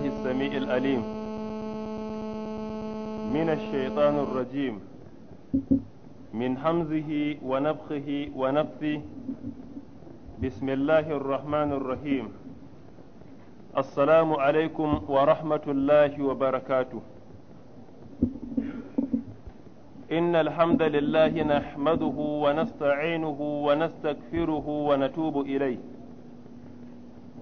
السميع الأليم من الشيطان الرجيم من حمزه ونفخه ونفثه بسم الله الرحمن الرحيم السلام عليكم ورحمة الله وبركاته إن الحمد لله نحمده ونستعينه ونستغفره ونتوب إليه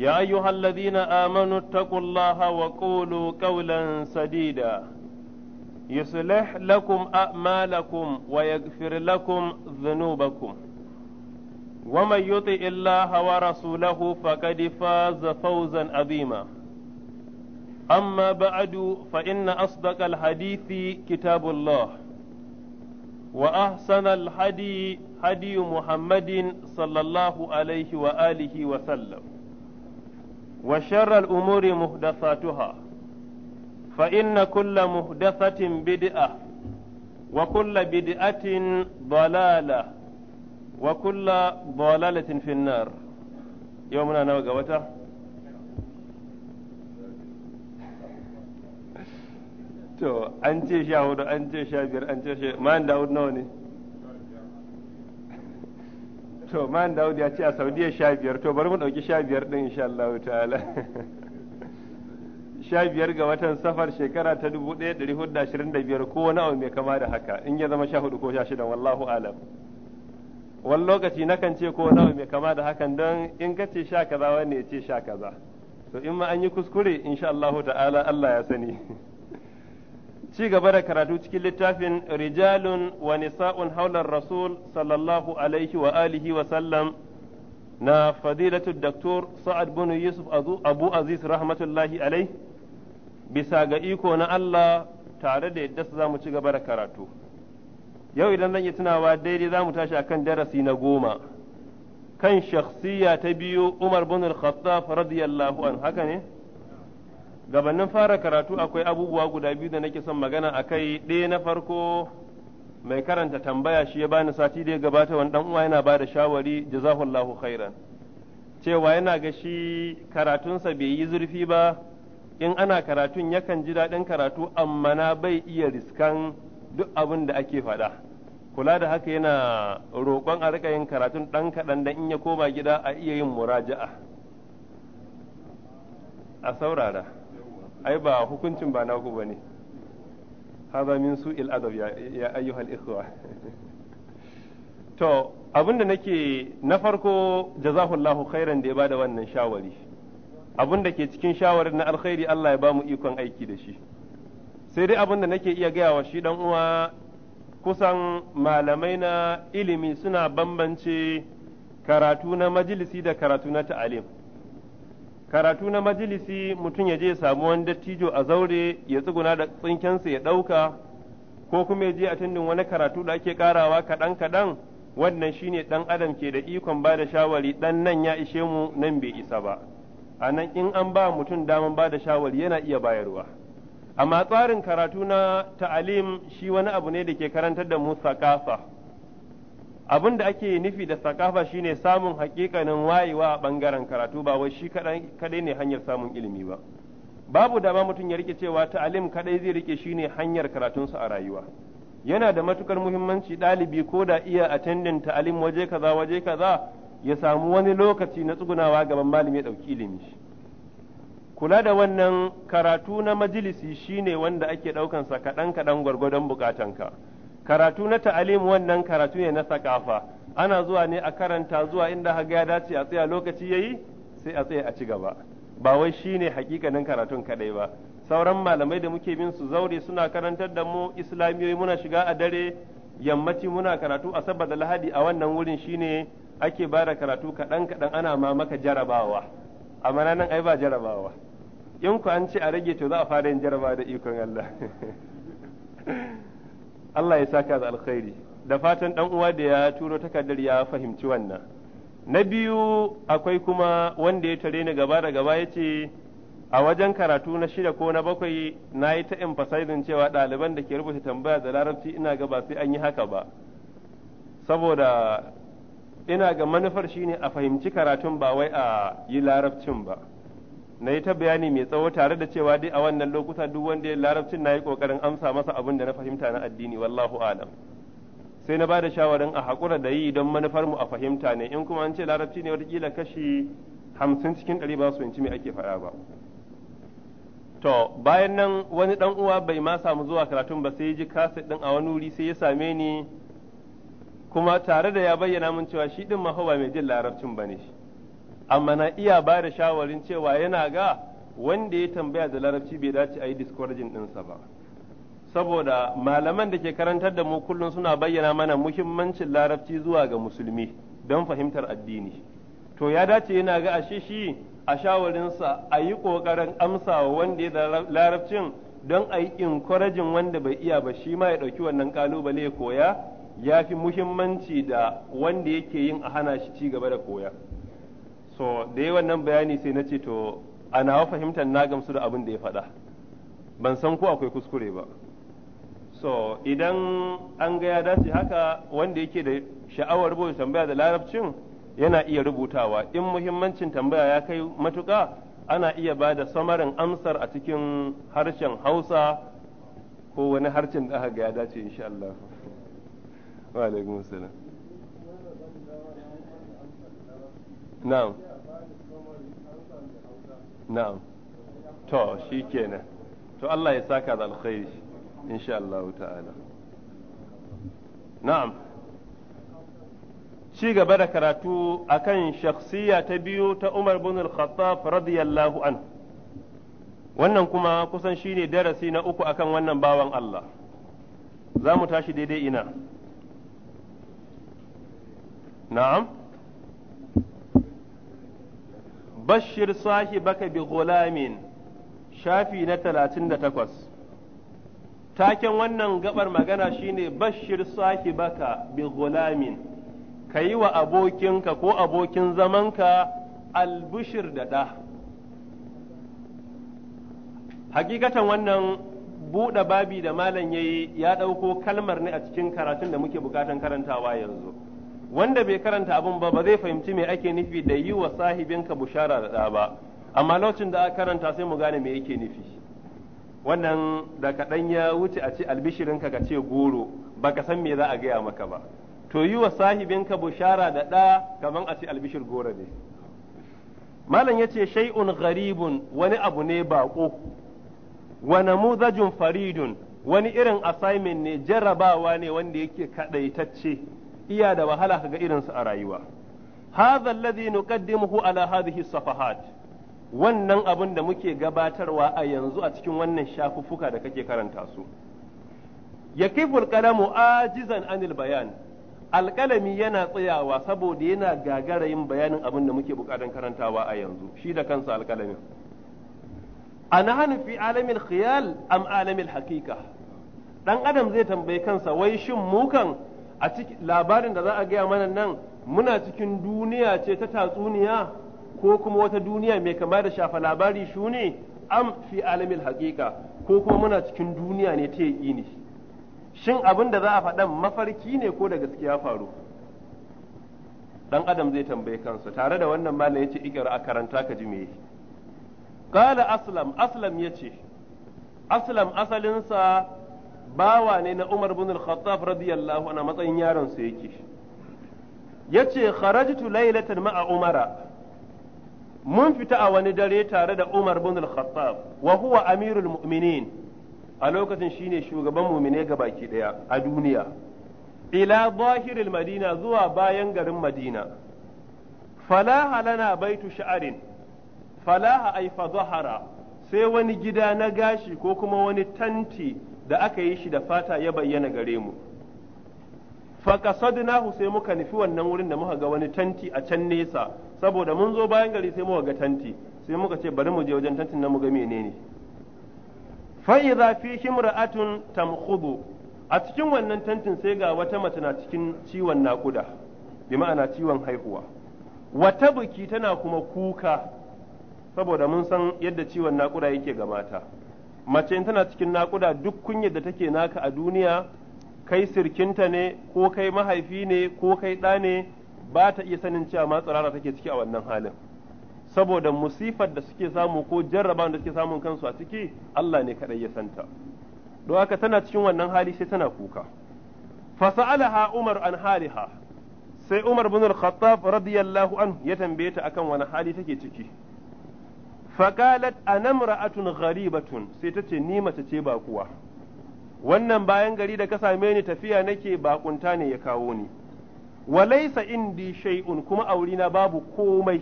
يا أيها الذين آمنوا اتقوا الله وقولوا قولا سديدا يصلح لكم أعمالكم ويغفر لكم ذنوبكم ومن يطع الله ورسوله فقد فاز فوزا عظيما أما بعد فإن أصدق الحديث كتاب الله وأحسن الحدي هدي محمد صلى الله عليه وآله وسلم وشر الأمور محدثاتها فإن كل محدثة بدعة وكل بدعة ضلالة وكل ضلالة في النار يومنا نوقوته to an ce sha hudu an ce sha biyar an ce sha man da nawa ne to man da ya ce a Saudiya sha biyar to bari mu ɗauki sha biyar ɗin insha Allah ta'ala sha biyar ga watan safar shekara ta dubu ɗaya ɗari hudu ashirin da biyar ko wani abu mai kama da haka in ya zama sha hudu ko sha shida wallahu alam wani lokaci nakan ce ko wani abu mai kama da hakan don in ka ce sha kaza wani ya ce sha kaza to in ma an yi kuskure insha Allah ta'ala Allah ya sani ci gaba da karatu cikin littafin rijalun wa nisa'un haular rasul sallallahu alaihi wa alihi wa sallam na fadilatu daktor sa'ad bin yusuf abu aziz rahmatullahi alai bisa ga iko na Allah tare da yadda za mu ci gaba da karatu yau idan zan yi tunawa daidai za mu tashi akan darasi na goma kan shakhsiya ta biyu umar bin al-khattab radiyallahu an haka ne gabanin fara karatu akwai abubuwa guda biyu da nake son magana a kai ɗaya na farko mai karanta tambaya shi ya bani sati da ya gabata wani dan uwa yana ba da shawari jazahullahu khairan cewa yana ga shi karatunsa bai yi zurfi ba in ana karatun yakan ji daɗin karatu amma na bai iya riskan duk abin da ake faɗa kula da haka yana roƙon a riƙa yin karatun ɗan kaɗan da in ya koma gida a iya yin muraja'a a saurara ai ba hukuncin ba naku bane hadha min su'il adab ya ayyuhal ikhwa to abinda nake na farko jazahullahu khairan da ya bada wannan shawari abinda ke cikin shawarin na alkhairi Allah ya ba mu ikon aiki da shi sai dai abinda nake iya gaya wa shi dan uwa kusan malamai na ilimi suna bambance karatu na majalisi da karatu na ta'alim karatu na majalisi mutum ya je ya samu wani dattijo a zaure ya tsuguna da tsinkensa ya ɗauka ko kuma ya je a tundin wani karatu da ake karawa kaɗan kaɗan wannan shine ɗan adam ke da ikon ba da shawari ɗan nan ya ishe mu nan bai isa ba a nan in an ba mutum daman ba da shawari yana iya bayarwa amma tsarin karatu na ta'alim shi wani abu ne da ke karantar da mu sakafa abin da ake nufi da sakafa shine samun hakikanin wayewa a bangaren karatu ba wai shi kadai ne hanyar samun ilimi ba babu dama mutum ya rike cewa ta'alim kadai zai rike shine hanyar karatun karatunsa a rayuwa yana da matukar muhimmanci ɗalibi ko da iya attending ta'alim waje kaza waje kaza ya samu wani lokaci na tsugunawa gaban malami ya ɗauki ilimi kula da wannan karatu na majalisi shine wanda ake ɗaukansa kaɗan kaɗan gwargwadon bukatanka. ka karatu na ta'alim wannan karatu ne na sakafa ana zuwa ne a karanta zuwa inda haga ya dace a tsaya lokaci yayi sai a tsaya a ci gaba ba wai shine hakikanin karatun kadai ba sauran malamai da muke bin su zaure suna karantar da mu islamiyoyi muna shiga a dare yammaci muna karatu a saboda lahadi a wannan wurin shine ake ba da karatu kaɗan kaɗan ana ma maka jarabawa amma nan ai ba jarabawa in ku an ce a rage to za a fara yin jarabawa da ikon Allah Allah ya saka da alkhairi da fatan dan uwa da ya turo takardar ya fahimci wannan na biyu akwai kuma wanda ya tare ni gaba da gaba ya ce a wajen karatu na shida ko na bakwai na yi ta emphasizing cewa ɗaliban da ke rubuta tambaya da larabci ina ga ba sai an yi haka ba saboda ina ga manufar shine a fahimci karatun ba wai a yi larabcin ba na yi ta bayani mai tsawo tare da cewa dai a wannan lokuta duk wanda ya larabcin na yi kokarin amsa masa abin da na fahimta na addini wallahu alam sai na bada shawarin a haƙura da yi don manufar mu a fahimta ne in kuma an ce larabci ne watakila kashi hamsin cikin ɗari ba su yanci me ake faɗa ba to bayan nan wani ɗan uwa bai ma samu zuwa karatun ba sai ya ji kaset ɗin a wani wuri sai ya same ni kuma tare da ya bayyana min cewa shi ɗin mahauwa mai jin larabcin ba ne shi amma na iya ba da shawarin cewa yana ga wanda ya tambaya da larabci bai dace a yi discouraging ɗinsa ba saboda malaman da ke karantar da mu kullum suna bayyana mana muhimmancin larabci zuwa ga musulmi don fahimtar addini to ya dace yana ga ashe shi a shawarinsa a yi ƙoƙarin amsawa wanda ya da larabcin don a yi inkwarajin wanda bai iya ba shi ma ya ɗauki wannan ƙalubale koya ya fi muhimmanci da wanda yake yin a hana shi ci gaba da koya. so da yi wannan bayani sai na ce to a nawa fahimtar na gamsu da abin da ya faɗa ban san ko akwai kuskure ba so idan an ga ya dace haka wanda yake da sha'awar rubuta tambaya da larabcin yana iya rubutawa in muhimmancin tambaya ya kai matuƙa ana iya ba da samarin amsar a cikin harshen hausa ko wani harshen da aka ga ya dace insha Allah wa alaikum na'am to shi kenan to Allah ya saka da alkhairi insha Allah ta'ala na'am ci gaba da karatu akan shakhsiya ta biyu ta Umar bin al-Khattab radiyallahu an wannan kuma kusan shine darasi na uku akan wannan bawan Allah za mu tashi daidai ina na'am bashir sahi baka bi gulamin shafi na 38 taken wannan gabar magana shine bashir sahi baka bi ka kayi wa abokinka ko abokin zaman ka albushir da ɗa hakikatan wannan buɗe babi da malam yayi ya ɗauko kalmar ne a cikin karatun da muke bukatan karantawa yanzu wanda bai karanta abin ba ba zai fahimci me ake nufi da yi wa sahibinka bushara da ɗa ba amma lokacin da aka karanta sai mu gane me yake nufi wannan da kaɗan ya wuce a ce albishirinka ka ce goro baka san me za a gaya maka ba to yi wa sahibinka bushara da ɗa kaman a ce albishir goro ne malam ya ce shay'un gharibun wani abu ne baƙo wa namuzajun faridun wani irin assignment ne jarrabawa ne wanda yake kaɗaitacce iya da wahala ga irin su a rayuwa haza lazi nuqaddimuhu ala hadhihi safahat wannan abin da muke gabatarwa a yanzu a cikin wannan shafuffuka da kake karanta su yakiful qalamu ajizan anil bayan Alkalami yana tsayawa saboda yana gagarayin bayanin abin da muke bukatan karantawa a yanzu shi da kansa alkalami a hanufi alamil khiyal am alamil haqiqa dan adam zai tambayi kansa wai shin mukan a cikin labarin da za a gaya mana nan muna cikin duniya ce ta tatsuniya ko kuma wata duniya mai kama da shafa labari shu ne am fi alamil haƙiƙa ko kuma muna cikin duniya ne ta yi ne shin abin da za a faɗan mafarki ne ko da gaskiya faru dan adam zai tambaye kansa tare da wannan malam yace ikra a karanta ka ji meye qala aslam aslam yace aslam asalinsa bawa ne na Umar bin Al-Khattab radiyallahu anhu matsayin yaron sa yake yace kharajtu laylatan ma'a Umara mun fita a wani dare tare da Umar bin Al-Khattab wa huwa amirul mu'minin a lokacin shine shugaban mu'mine ga baki daya a duniya ila zahiril madina zuwa bayan garin madina falaha lana baitu sha'arin falaha ay fadhahara sai wani gida na gashi ko kuma wani tanti da aka yi shi da fata ya bayyana gare mu faqasadnahu sai muka nufi wannan wurin da muka ga wani tanti a can nesa saboda mun zo bayan gari sai muka ga tanti sai muka ce bari mu je wajen tantin nan mu ga menene fa idza fihi imra'atun tamkhudu a cikin wannan tantin sai ga wata mace na cikin ciwon naƙuda bi ma'ana ciwon haihuwa wata buki tana kuma kuka saboda mun san yadda ciwon naƙuda yake ga mata mace in tana cikin nakuda duk kunyar da take naka a duniya kai sirkinta ne ko kai mahaifi ne ko kai ɗa ne ba ta iya sanin cewa ma tsirara take ciki a wannan halin saboda musifar da suke samu ko jarraba da suke samun kansu a ciki Allah ne kaɗai ya santa don haka tana cikin wannan hali sai tana kuka fasalaha Umar an haliha sai Umar bin Al-Khattab radiyallahu anhu ya tambaye ta akan wani hali take ciki faqalat anamra'atun gharibatun sai ta ce ni mace ce ba kuwa wannan bayan gari da ka same ni tafiya nake bakunta ne ya kawo ni walaisa indi shay'un kuma na babu komai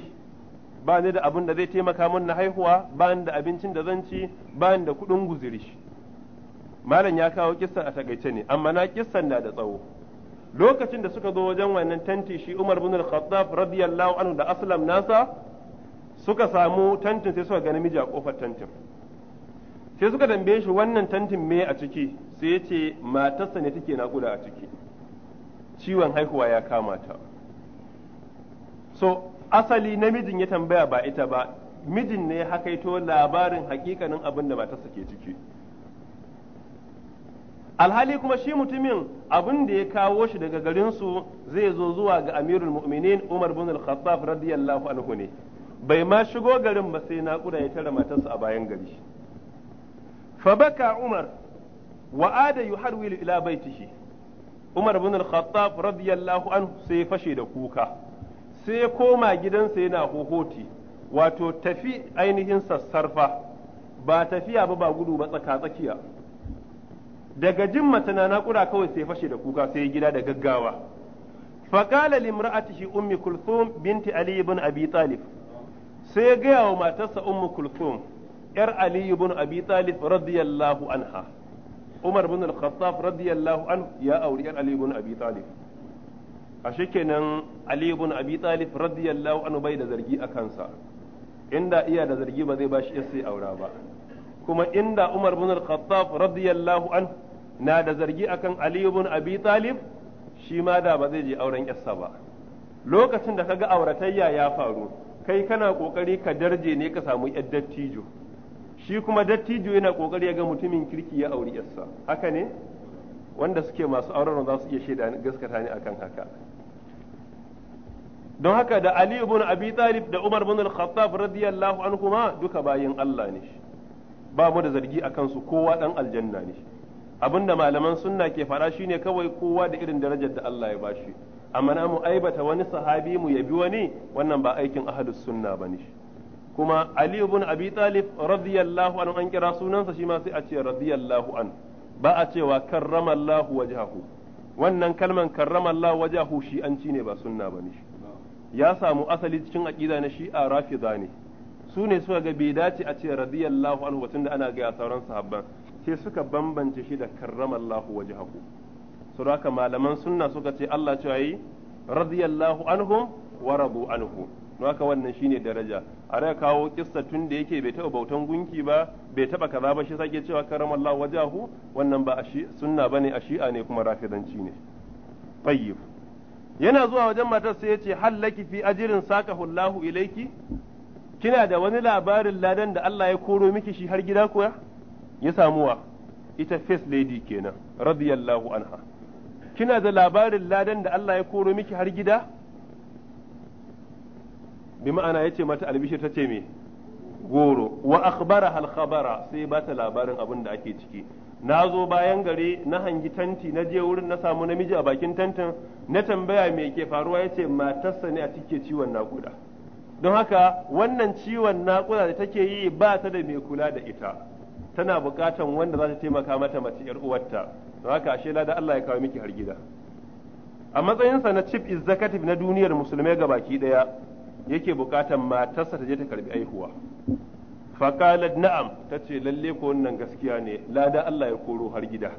ba ni da abin da zai taimaka min na haihuwa ba ni da abincin da zan ci ba ni da kuɗin guziri malam ya kawo kissa a takaice ne amma na kissan na da tsawo lokacin da suka zo wajen wannan tanti shi Umar ibn Al-Khattab radiyallahu anhu da aslam nasa suka samu tantin sai suka ga namiji a kofar tantin sai suka tambaye shi wannan tantin me a ciki sai ya ce matarsa ne take nakuda a ciki ciwon haihuwa ya kama ta so asali na mijin ya tambaya ba ita ba mijin ne ito labarin hakikanin abin da matarsa ke ciki alhali kuma shi mutumin abin da ya kawo shi daga garinsu zai zo zuwa ga amirul mu'minin umar bin al-khattab radiyallahu anhu ne bai ma shigo garin ba sai naƙuda ya tara matarsa a bayan gari fa baka umar wa ada yuharwilu ila baitihi umar ibn al-khattab radiyallahu anhu sai fashe da kuka sai koma gidansa yana hohoti wato tafi ainihin sassarfa ba tafiya ba ba gudu ba tsaka tsakiya daga jin mace na naƙuda kawai sai fashe da kuka sai gida da gaggawa فقال لامرأته Ummi كلثوم بنت Ali بن أبي طالب sai ya gaya wa matarsa ummu kulthum yar ali ibn abi talib radiyallahu anha umar ibn al-khattab radiyallahu an ya auri yar ali ibn abi talib a kenan ali ibn abi talib radiyallahu anhu bai da zargi a kansa inda iya da zargi ba zai bashi sai aura ba kuma inda umar ibn al-khattab radiyallahu an na da zargi akan ali ibn abi talib shi ma da ba zai je auren yarsa ba lokacin da kaga auratayya ya faru kai kana kokari ka darje ne ka samu yar dattijo shi kuma dattijo yana kokari ya ga mutumin kirki ya auri yarsa haka ne wanda suke masu auren za su iya shaida gaskata ne akan haka don haka da Ali ibn Abi Talib da Umar ibn Al-Khattab radiyallahu anhuma duka bayin Allah ne ba mu da zargi akan su kowa dan aljanna ne abinda malaman sunna ke fara shine kawai kowa da irin darajar da Allah ya bashi amma mu aibata wani sahabi mu yabi wani wannan ba aikin ahlus sunna bane kuma Ali ibn Abi Talib radiyallahu anhu an kira sunansa shi ma sai a ce radiyallahu an ba a cewa karramallahu wajhahu wannan kalman karramallahu wajhahu shi an ci ne ba sunna bane ya samu asali cikin aqida na shi'a rafida ne su ne suka ga bai dace a ce radiyallahu anhu tunda ana ga sauran sahabban sai suka bambance shi da karramallahu wajhahu haka malaman sunna suka ce Allah cewa yi radiyallahu anhum wa radu anhu haka wannan shine daraja a kawo kissa tun da yake bai taba bautan gunki ba bai taba kaza ba shi sake cewa karamallahu wajahu wannan ba sunna bane a shi'a ne kuma rafidanci ne tayyib yana zuwa wajen matar sai yace hallaki fi ajrin sakahullahu ilaiki kina da wani labarin ladan da Allah ya koro miki shi har gida kuwa ya samuwa ita face lady kenan radiyallahu anha kina da labarin ladan da Allah ya koro miki har gida bi ma'ana yace mata albishir tace me goro wa akhbara hal khabara sai ba ta labarin abin da ake ciki na zo bayan gare na hangi tanti na je wurin na samu namiji a bakin tantin na tambaya me ke faruwa yace matarsa ne a cike ciwon nakuda don haka wannan ciwon nakuda da take yi ba ta da mai kula da ita tana bukatan wanda za ta taimaka mata mace yar uwarta to haka ashe lada Allah ya kawo miki har gida a matsayinsa na chief executive na duniyar musulmai ga baki daya yake bukatan matarsa ta je ta karbi aihuwa faqalat na'am tace lalle ko wannan gaskiya ne lada Allah ya koro har gida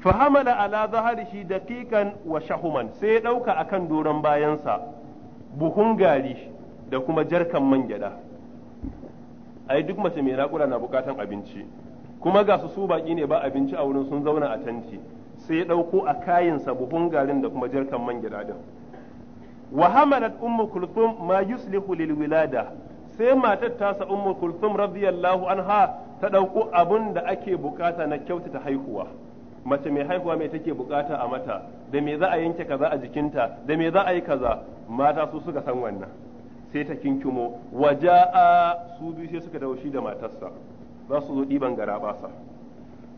fahamala ala zaharihi daqiqan wa shahuman sai ya dauka akan doron bayansa buhun gari da kuma jarkan man gyada ai duk mace mai nakula na bukatan abinci kuma ga su su baki ne ba abinci a wurin sun zauna a tanti sai ya ɗauko a kayansa buhun garin da kuma jarkan man gida din wa hamalat ummu kulthum ma yuslihu lil wilada sai matar tasa ummu kulthum radiyallahu anha ta ɗauko abun da ake bukata na kyautata haihuwa mace mai haihuwa mai take bukata a mata da me za a yanke kaza a jikinta da me za a yi kaza mata su suka san wannan sai ta kinkimo waja'a su biyu sai suka dawo da matarsa za su zo ɗiban gara basa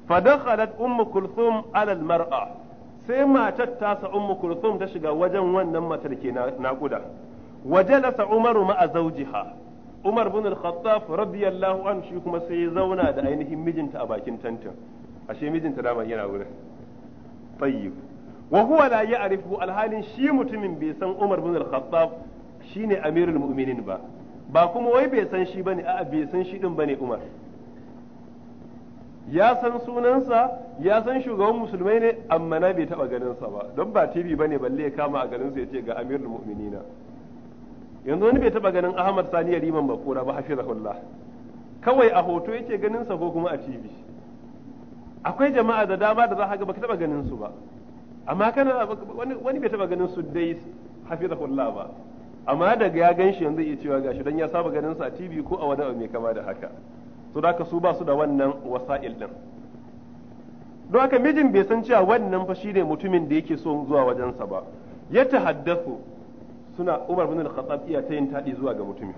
fadakhalat ummu kulthum alal mar'a sai matar tasa ummu kulthum ta shiga wajen wannan matar ke naƙuda wajalasa umaru ma'a zaujiha. umar bin al-khattab radiyallahu an shi kuma sai ya zauna da ainihin mijinta a bakin tantin ashe mijinta dama yana wurin tayyib wa huwa la ya'rifu alhalin shi mutumin bai san umar bin al-khattab shine amirul mu'minin ba ba kuma wai bai san shi bane a'a bai san shi din bane umar ya san sunansa ya san shugaban musulmai ne amma na bai taba ganin sa ba don ba TV bane balle ya kama a garin sa yace ga amirul mu'minina yanzu wani bai taba ganin Ahmad Sani ya Yariman Bakura ba hafizahullah kawai a hoto yake ganin sa ko kuma a TV akwai jama'a da dama da za ka ga baka taba ganin su ba amma kana wani bai taba ganin su dai hafizahullah ba amma daga ya ganshi yanzu ya cewa gashi dan ya saba ganin sa a TV ko a wani abu mai kama da haka su da su ba su da wannan wasa'il din don haka mijin bai san cewa wannan fa ne mutumin da yake so zuwa wajensa ba ya tahaddathu suna Umar bin Al-Khattab iya ta yin tadi zuwa ga mutumin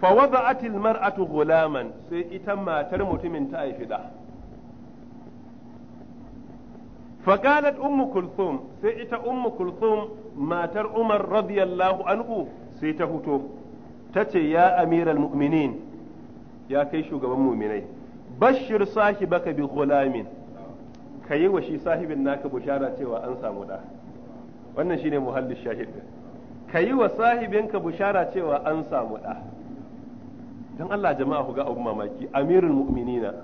fa wada'at al-mar'atu ghulaman sai ita matar mutumin ta haifi da fa qalat ummu kulthum sai ita ummu kulthum matar Umar radiyallahu anhu sai ta huto tace ya amiral mu'minin ya kai shugaban muminai bashir sahibaka bi ka yi wa shi sahibin naka bushara cewa an samu da wannan shine muhallin shahid yi wa sahibinka bushara cewa an samu da dan Allah jama'a ku ga abu mamaki amirul mu'minina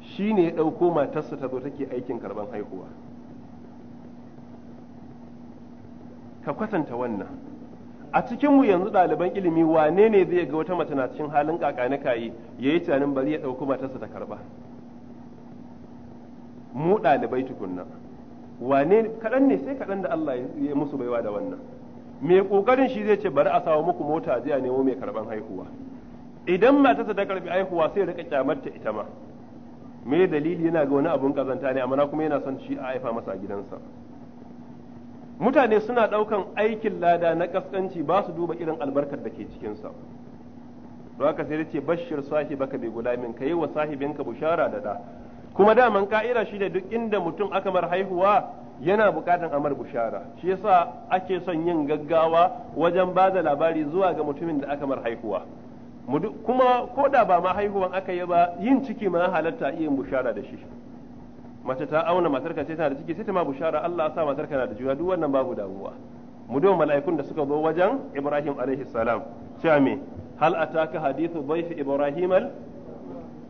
shine ya dauko matarsa ta zo take aikin karban haihuwa ka kwatanta wannan a cikin mu yanzu ɗaliban ilimi wane ne zai ga wata mace na cikin halin kakane kayi yi tunanin bari ya ɗauki matarsa ta karba mu ɗalibai tukunna wane kaɗan ne sai kaɗan da Allah ya musu baiwa da wannan me ƙoƙarin shi zai ce bari a samu muku mota a jiya nemo mai karɓan haihuwa idan matarsa ta karɓi haihuwa sai rika kyamarta ita ma me dalili yana ga wani abun kazanta ne amma kuma yana son shi a haifa masa a gidansa mutane suna ɗaukan aikin lada na kaskanci ba su duba irin albarkar da ke cikinsa don haka sai ce bashir sahibaka bi gulamin ka yi wa sahibinka bushara da da kuma daman ka'ira shi da duk inda mutum aka mar haihuwa yana bukatan amar bushara shi yasa ake son yin gaggawa wajen ba da labari zuwa ga mutumin da aka mar haihuwa kuma ko da ba ma haihuwan aka yi ba yin ciki ma halatta iya bushara da shi mace ta auna matarka ce tana da ciki sai ta ma bushara Allah sa matarka na da juna duk wannan babu damuwa mu duba mala'ikun da suka zo wajen Ibrahim alaihi salam cewa me hal ataka hadithu dhayf Ibrahim al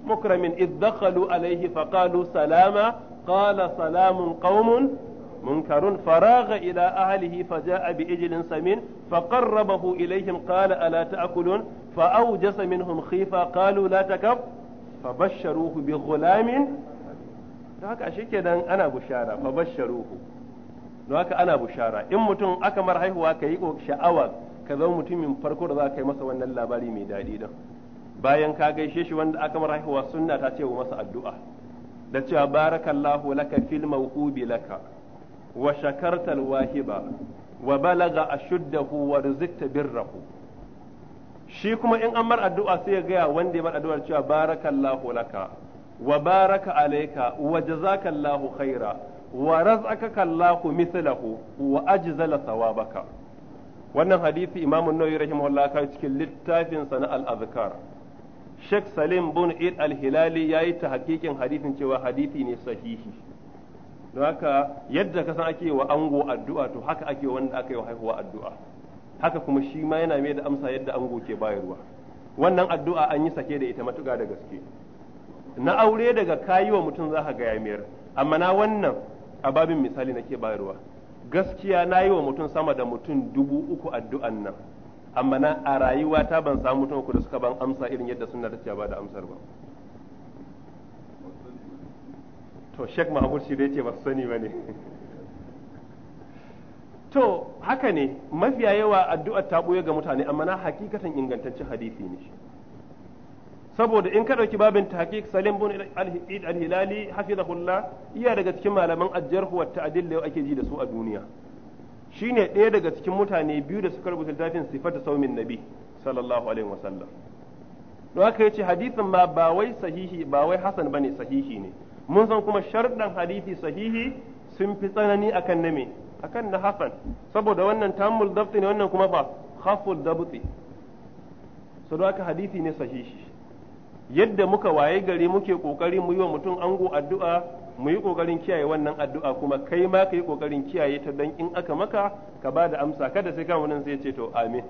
mukramin id dakhalu alaihi faqalu salama qala salamun qaumun منكر فراغ إلى أهله فجاء بإجل سمين فقربه إليهم قال ألا تأكلون فأوجس منهم خيفة قالوا لا تكف bi بغلام don haka ashe kenan ana bushara fa basharuhu don haka ana bushara in mutum aka mar haihuwa ka yi sha'awa ka zama mutumin farko da za ka yi masa wannan labari mai daɗi don bayan ka gaishe shi wanda aka mar haihuwa sunna ta ce wa masa addu'a da cewa barakallahu laka fil mawhubi laka wa shakartal wahiba wa balaga ashuddahu wa rizqta birrahu shi kuma in an mar addu'a sai ya gaya wanda ya mar addu'ar cewa barakallahu laka wa baraka alayka wa jazaka Allahu khaira wa razaqaka Allahu mithlahu wa ajzala thawabaka wannan hadisi Imam an-Nawawi rahimahullah kan cikin littafin sana al-azkar Sheikh Salim bin Eid al-Hilali yayi ta hakikin hadisin cewa hadisi ne sahihi don haka yadda ka san ake wa ango addu'a to haka ake wanda aka yi wa haihuwa addu'a haka kuma shi ma yana mai da amsa yadda ango ke bayarwa wannan addu'a an yi sake da ita matuƙa da gaske na aure daga kayi mutum za ka ga ya mayar amma na wannan a babin misali nake bayarwa gaskiya na yi wa mutum sama da mutum dubu uku addu'an nan amma na a rayuwa ta ban samu mutum uku da suka ban amsa irin yadda suna ta ba da amsar ba to shek Mahmud shi dai ce ba sani ba ne to haka ne mafiya yawa addu'ar ta ɓoye ga mutane amma na hakikatan ingantaccen hadisi ne saboda in ka ɗauki babin tahqiq salim bin al-id al-hilali hafizahullah iya daga cikin malaman ajjarh wa ta'dil da ake ji da su a duniya shine ɗaya daga cikin mutane biyu da suka rubuta littafin sifatu saumin nabi sallallahu alaihi wasallam don haka yace hadithin ma ba wai sahihi ba wai hasan bane sahihi ne mun san kuma sharɗan hadithi sahihi sun fi tsanani akan na me akan na hasan saboda wannan tamul dabti ne wannan kuma ba khaful dabti so don haka hadisi ne sahihi yadda muka waye gari muke kokari mu yi wa mutum ango addu'a mu yi kokarin kiyaye wannan addu'a kuma kai ma ka yi kokarin kiyaye ta dan in aka maka ka ba da amsa kada sai kan wannan sai ce to amin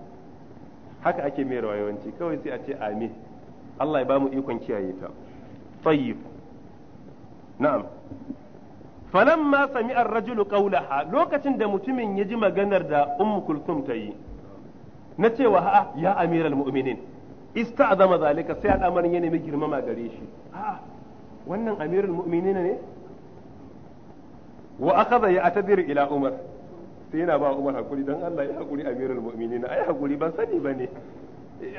haka ake mai yawanci kawai sai a ce amin Allah ya ba mu ikon kiyaye ta tayyib na'am falamma sami'a ar-rajulu qawlaha lokacin da mutumin ya ji maganar da ummu kulthum ta yi na cewa ha ya amiral mu'minin ista azama zalika sai al'amarin ya nemi girmama gare shi a wannan amirul mu'minina ne wa zai ya tabir ila umar sai yana ba umar hakuri don Allah ya hakuri amirul mu'minina ai hakuri ban sani ba ne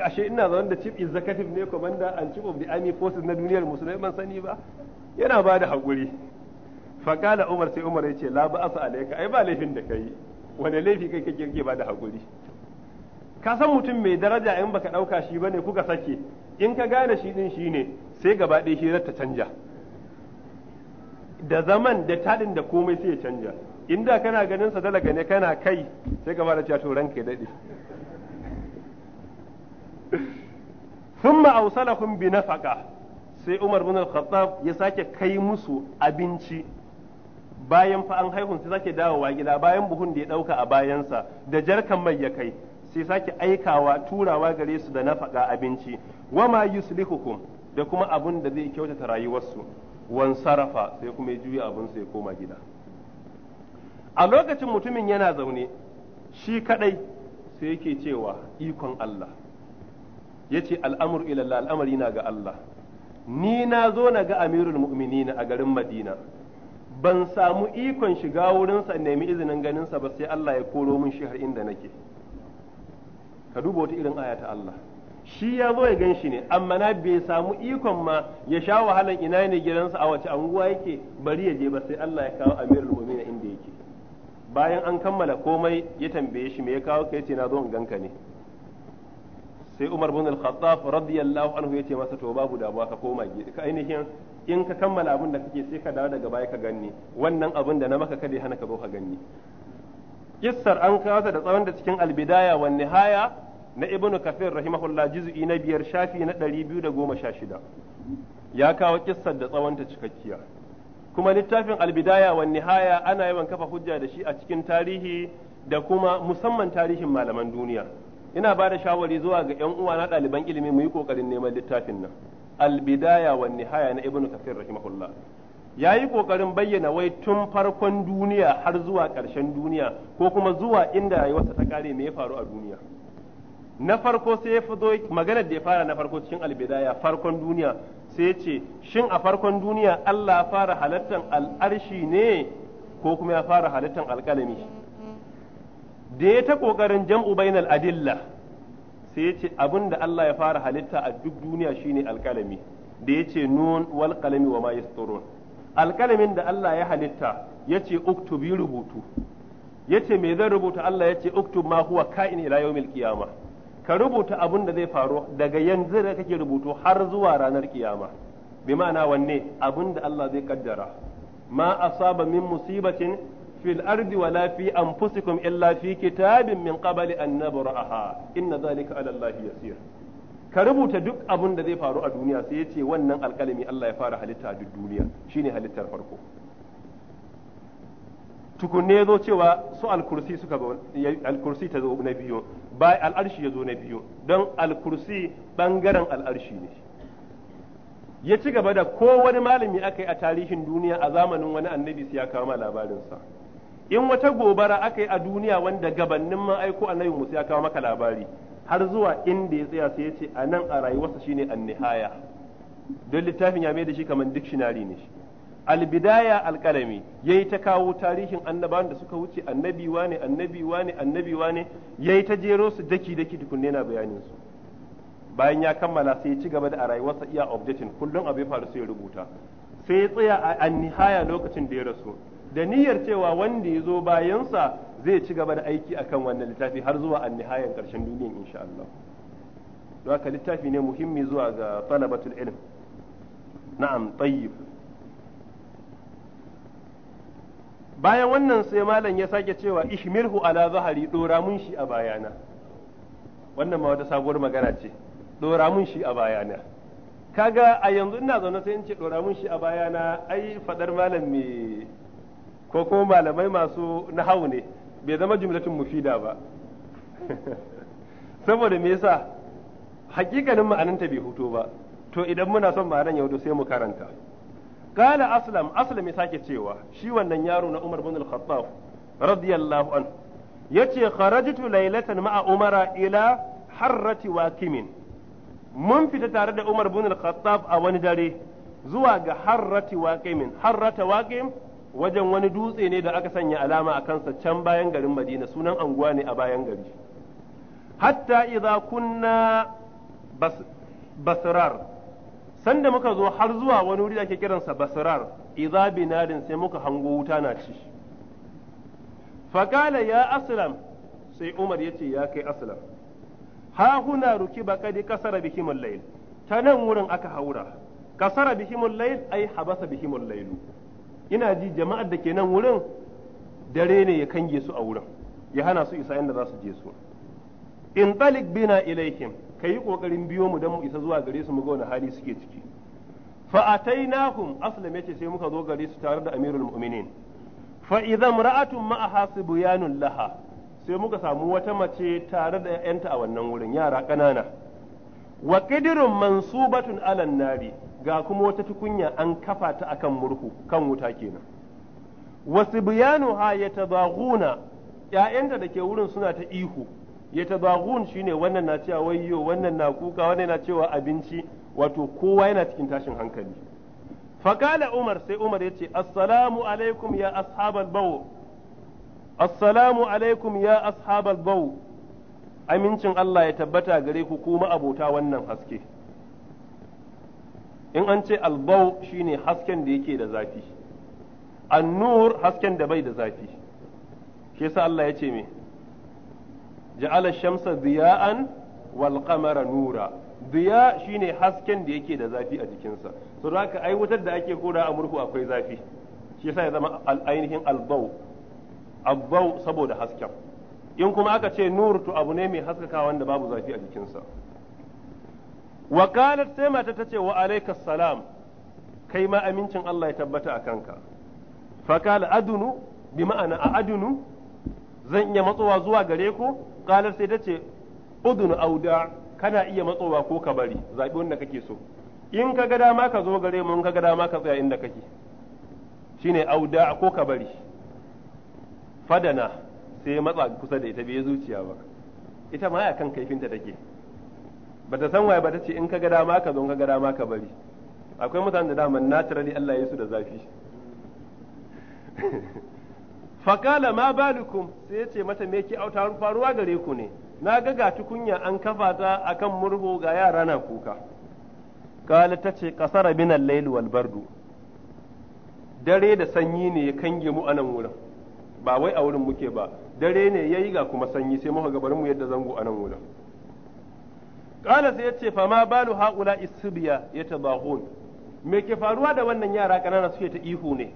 ashe ina zaune da chief executive ne commander and chief of the army forces na duniyar musulmai ban sani ba yana ba da hakuri faqala umar sai umar ya ce la asa alayka ai ba laifin da kai wani laifi kai kake ba da hakuri ka san mutum mai daraja in baka ɗauka shi bane kuka sake in ka gane shi din shi ne sai gaba ɗaya shi ta canja da zaman da taɗin da komai sai ya canja inda kana ganin sa dalaga ne kana kai sai gaba da cewa to ranka ya daɗe thumma awsalahum bi nafaqa sai Umar bin Al-Khattab ya sake kai musu abinci bayan fa an haihun sai sake dawowa gida bayan buhun da ya ɗauka a bayansa da jarkan mai ya kai sai sake aikawa turawa gare su da nafaka abinci ma yuslihukum da kuma abun da zai kyautata rayuwarsu wan sarafa sai kuma ya juya abun sai ya koma gida a lokacin mutumin yana zaune shi kadai sai yake cewa ikon Allah yace al'amur ila Allah al'amari na ga Allah ni na zo na ga amirul mu'minin a garin Madina ban samu ikon shiga wurinsa nemi izinin ganinsa ba sai Allah ya koro min shi har inda nake ka duba wata irin aya ta Allah shi ya zo ya gan shi ne amma na bai samu ikon ma ya sha wahalan ina ne gidansa a wace anguwa yake bari ya je ba sai Allah ya kawo amirul mu'minin inda yake bayan an kammala komai ya tambaye shi me ya kawo kai ce na zo in ganka ne sai Umar bin Al-Khattab radiyallahu anhu yace masa to babu damuwa ka koma gida ka ainihin in ka kammala abin da kake sai ka dawo daga baya ka ganni wannan abin da na maka kada hana ka zo ka ganni kissar an kasa da tsawon da cikin albidaya wanne nihaya na ibn kafir rahimahullah juz'i na biyar shafi na ɗari biyu da goma sha shida ya kawo kissar da tsawonta cikakkiya kuma littafin albidaya wa nihaya ana yawan kafa hujja da shi a cikin tarihi da kuma musamman tarihin malaman duniya ina ba da shawari zuwa ga yan uwa na ɗaliban ilimi mu yi ƙoƙarin neman littafin nan albidaya wa nihaya na ibn kafir rahimahullah ya yi ƙoƙarin bayyana wai tun farkon duniya har zuwa ƙarshen duniya ko kuma zuwa inda rayuwarsa ta kare me ya faru a duniya na farko sai ya fito magana da ya fara na farko cikin albidaya farkon duniya sai ya ce shin a farkon duniya Allah fara halattan al'arshi ne ko kuma ya fara halattan alƙalami da ya ta ƙoƙarin jam'u bainal adilla sai ya ce abin da Allah ya fara halitta a duk duniya shine alƙalami da ya ce nun wal wa ma yasturun alƙalamin da Allah ya halitta ya ce uktubi rubutu ya ce me zan rubuta Allah ya ce uktub ma huwa ka'in ila yawmil qiyamah ka rubuta abin da zai faru daga yanzu da kake rubutu har zuwa ranar kiyama bi ma'ana wanne abin da Allah zai kaddara ma asaba min musibatin fil ardi wala fi anfusikum illa fi kitabin min qabli an nabraha inna zalika ala Allah yasir ka rubuta duk abin da zai faru a duniya sai yace wannan alkalami Allah ya fara halitta a duk duniya shine halittar farko tukunne zo cewa su alkursi suka ta zo na biyu ba al'arshi ya zo na biyu don al-kursi bangaren al'arshi ne ya ci gaba da ko wani malami aka yi a tarihin duniya a zamanin wani annabi ya kama labarinsa in wata gobara aka yi a duniya wanda gabannin ma aiko annabi musa ya kawo maka labari har zuwa inda ya tsaya sai ya ce a nan a rayuwarsa shine annihaya don littafin ya mai da shi kamar dictionary ne shi albidaya alkalami yayi ta kawo tarihin annabawan da suka wuce annabi wane annabi wane annabi wane yayi ta jero su daki daki tukunne na bayanin su bayan ya kammala sai ya ci gaba da a rayuwarsa iya objectin kullum abu ya faru sai ya rubuta sai ya tsaya a annihaya lokacin da ya rasu da niyyar cewa wanda ya zo bayansa zai ci gaba da aiki akan wannan littafi har zuwa annihayan karshen duniyan insha Allah don haka littafi ne muhimmi zuwa ga talabatul ilm na'am tayyib bayan wannan sai malam ya sake cewa ihmilhu ala zahari dora mun shi a bayana wannan ma wata sabuwar magana ce dora mun shi a bayana kaga a yanzu ina zaune sai in ce dora mun shi a bayana ai fadar malam me ko kuma malamai masu nahawu ne bai zama jumlatun mufida ba saboda me yasa hakikanin ma'ananta bai huto ba to idan muna son ma'anan yaudu sai mu karanta kala aslam aslam ya sake cewa shi wannan yaro na Umar bin al-Khattab radiyallahu an yace kharajtu laylatan ma'a Umara ila harrati waqimin mun fita tare da Umar bin al-Khattab a wani dare zuwa ga harrati waqimin harrata wajen wani dutse ne da aka sanya alama a kansa can bayan garin Madina sunan anguwa ne a bayan gari hatta idza kunna basrar sanda muka zo har zuwa wani wuri da ake kiransa basrar idza binarin sai muka hango wuta na ci faqala ya aslam sai umar yace ya kai aslam ha huna rukiba kadi kasara bihimul layl ta nan wurin aka haura kasara bihimul layl ai habasa bihimul layl ina ji jama'ar da ke nan wurin dare ne ya kange su a wurin ya hana su isa inda za su je su in talik bina ilaihim ka yi ƙoƙarin biyo mu don mu isa zuwa gare su mu ga wani hali suke ciki fa atainahum aslam ce sai muka zo gare su tare da amirul mu'minin fa ra'atun imra'atun ma'aha sibyanun laha sai muka samu wata mace tare da yanta a wannan wurin yara ƙanana wa qidrun mansubatun alan nari ga kuma wata tukunya an kafa ta akan murhu kan wuta kenan haya ta yatadaghuna 'ya'yanta da ke wurin suna ta ihu ya shi shine wannan na cewa wayyo wannan na kuka wannan na cewa abinci wato kowa yana cikin tashin hankali fakala umar sai umar ya ce assalamu alaikum ya ashabal Ba'u assalamu alaikum ya ashabal Ba'u amincin Allah ya tabbata gare ku kuma abota wannan haske in an ce albau shine hasken da yake da zafi annur hasken da bai da zafi shi yasa Allah ya ce me ja'ala shamsa ziya'an wal qamara nura diya shine hasken da yake da zafi a jikinsa to da ka aiwatar da ake kora a murhu akwai zafi shi yasa ya zama ainihin albau daw saboda hasken in kuma aka ce nur to abu ne mai haskaka wanda babu zafi a jikinsa wa qalat sai mata tace wa alayka salam kai ma amincin Allah ya tabbata a kanka fa qala adunu bi ma'ana a adunu zan iya matsowa zuwa gare ku qalat sai tace udun auda kana iya matsowa ko ka bari zabi wanda kake so in ka ga dama ka zo gare mu in ka ga dama ka tsaya inda kake shine auda ko ka bari fadana sai matsa kusa da ita bai zuciya ba ita ma ya kan kaifinta take bata san waye ta ce in ka ga dama ka zo in ka ga dama ka bari akwai mutanen da dama naturally Allah ya su da zafi fakala ma balukum sai ya ce mata me ke auta faruwa gare ku ne na ga ga tukunya an kafa ta akan murhu ga yara na kuka kala ta ce kasara min al-lail wal bardu dare da sanyi ne ya kange mu anan wurin ba wai a wurin muke ba dare ne yayi ga kuma sanyi sai muka gabarin mu yadda zango anan wurin kala sai ya ce fa ma balu haula isbiya yatadahun me ke faruwa da wannan yara kanana suke ta ihu ne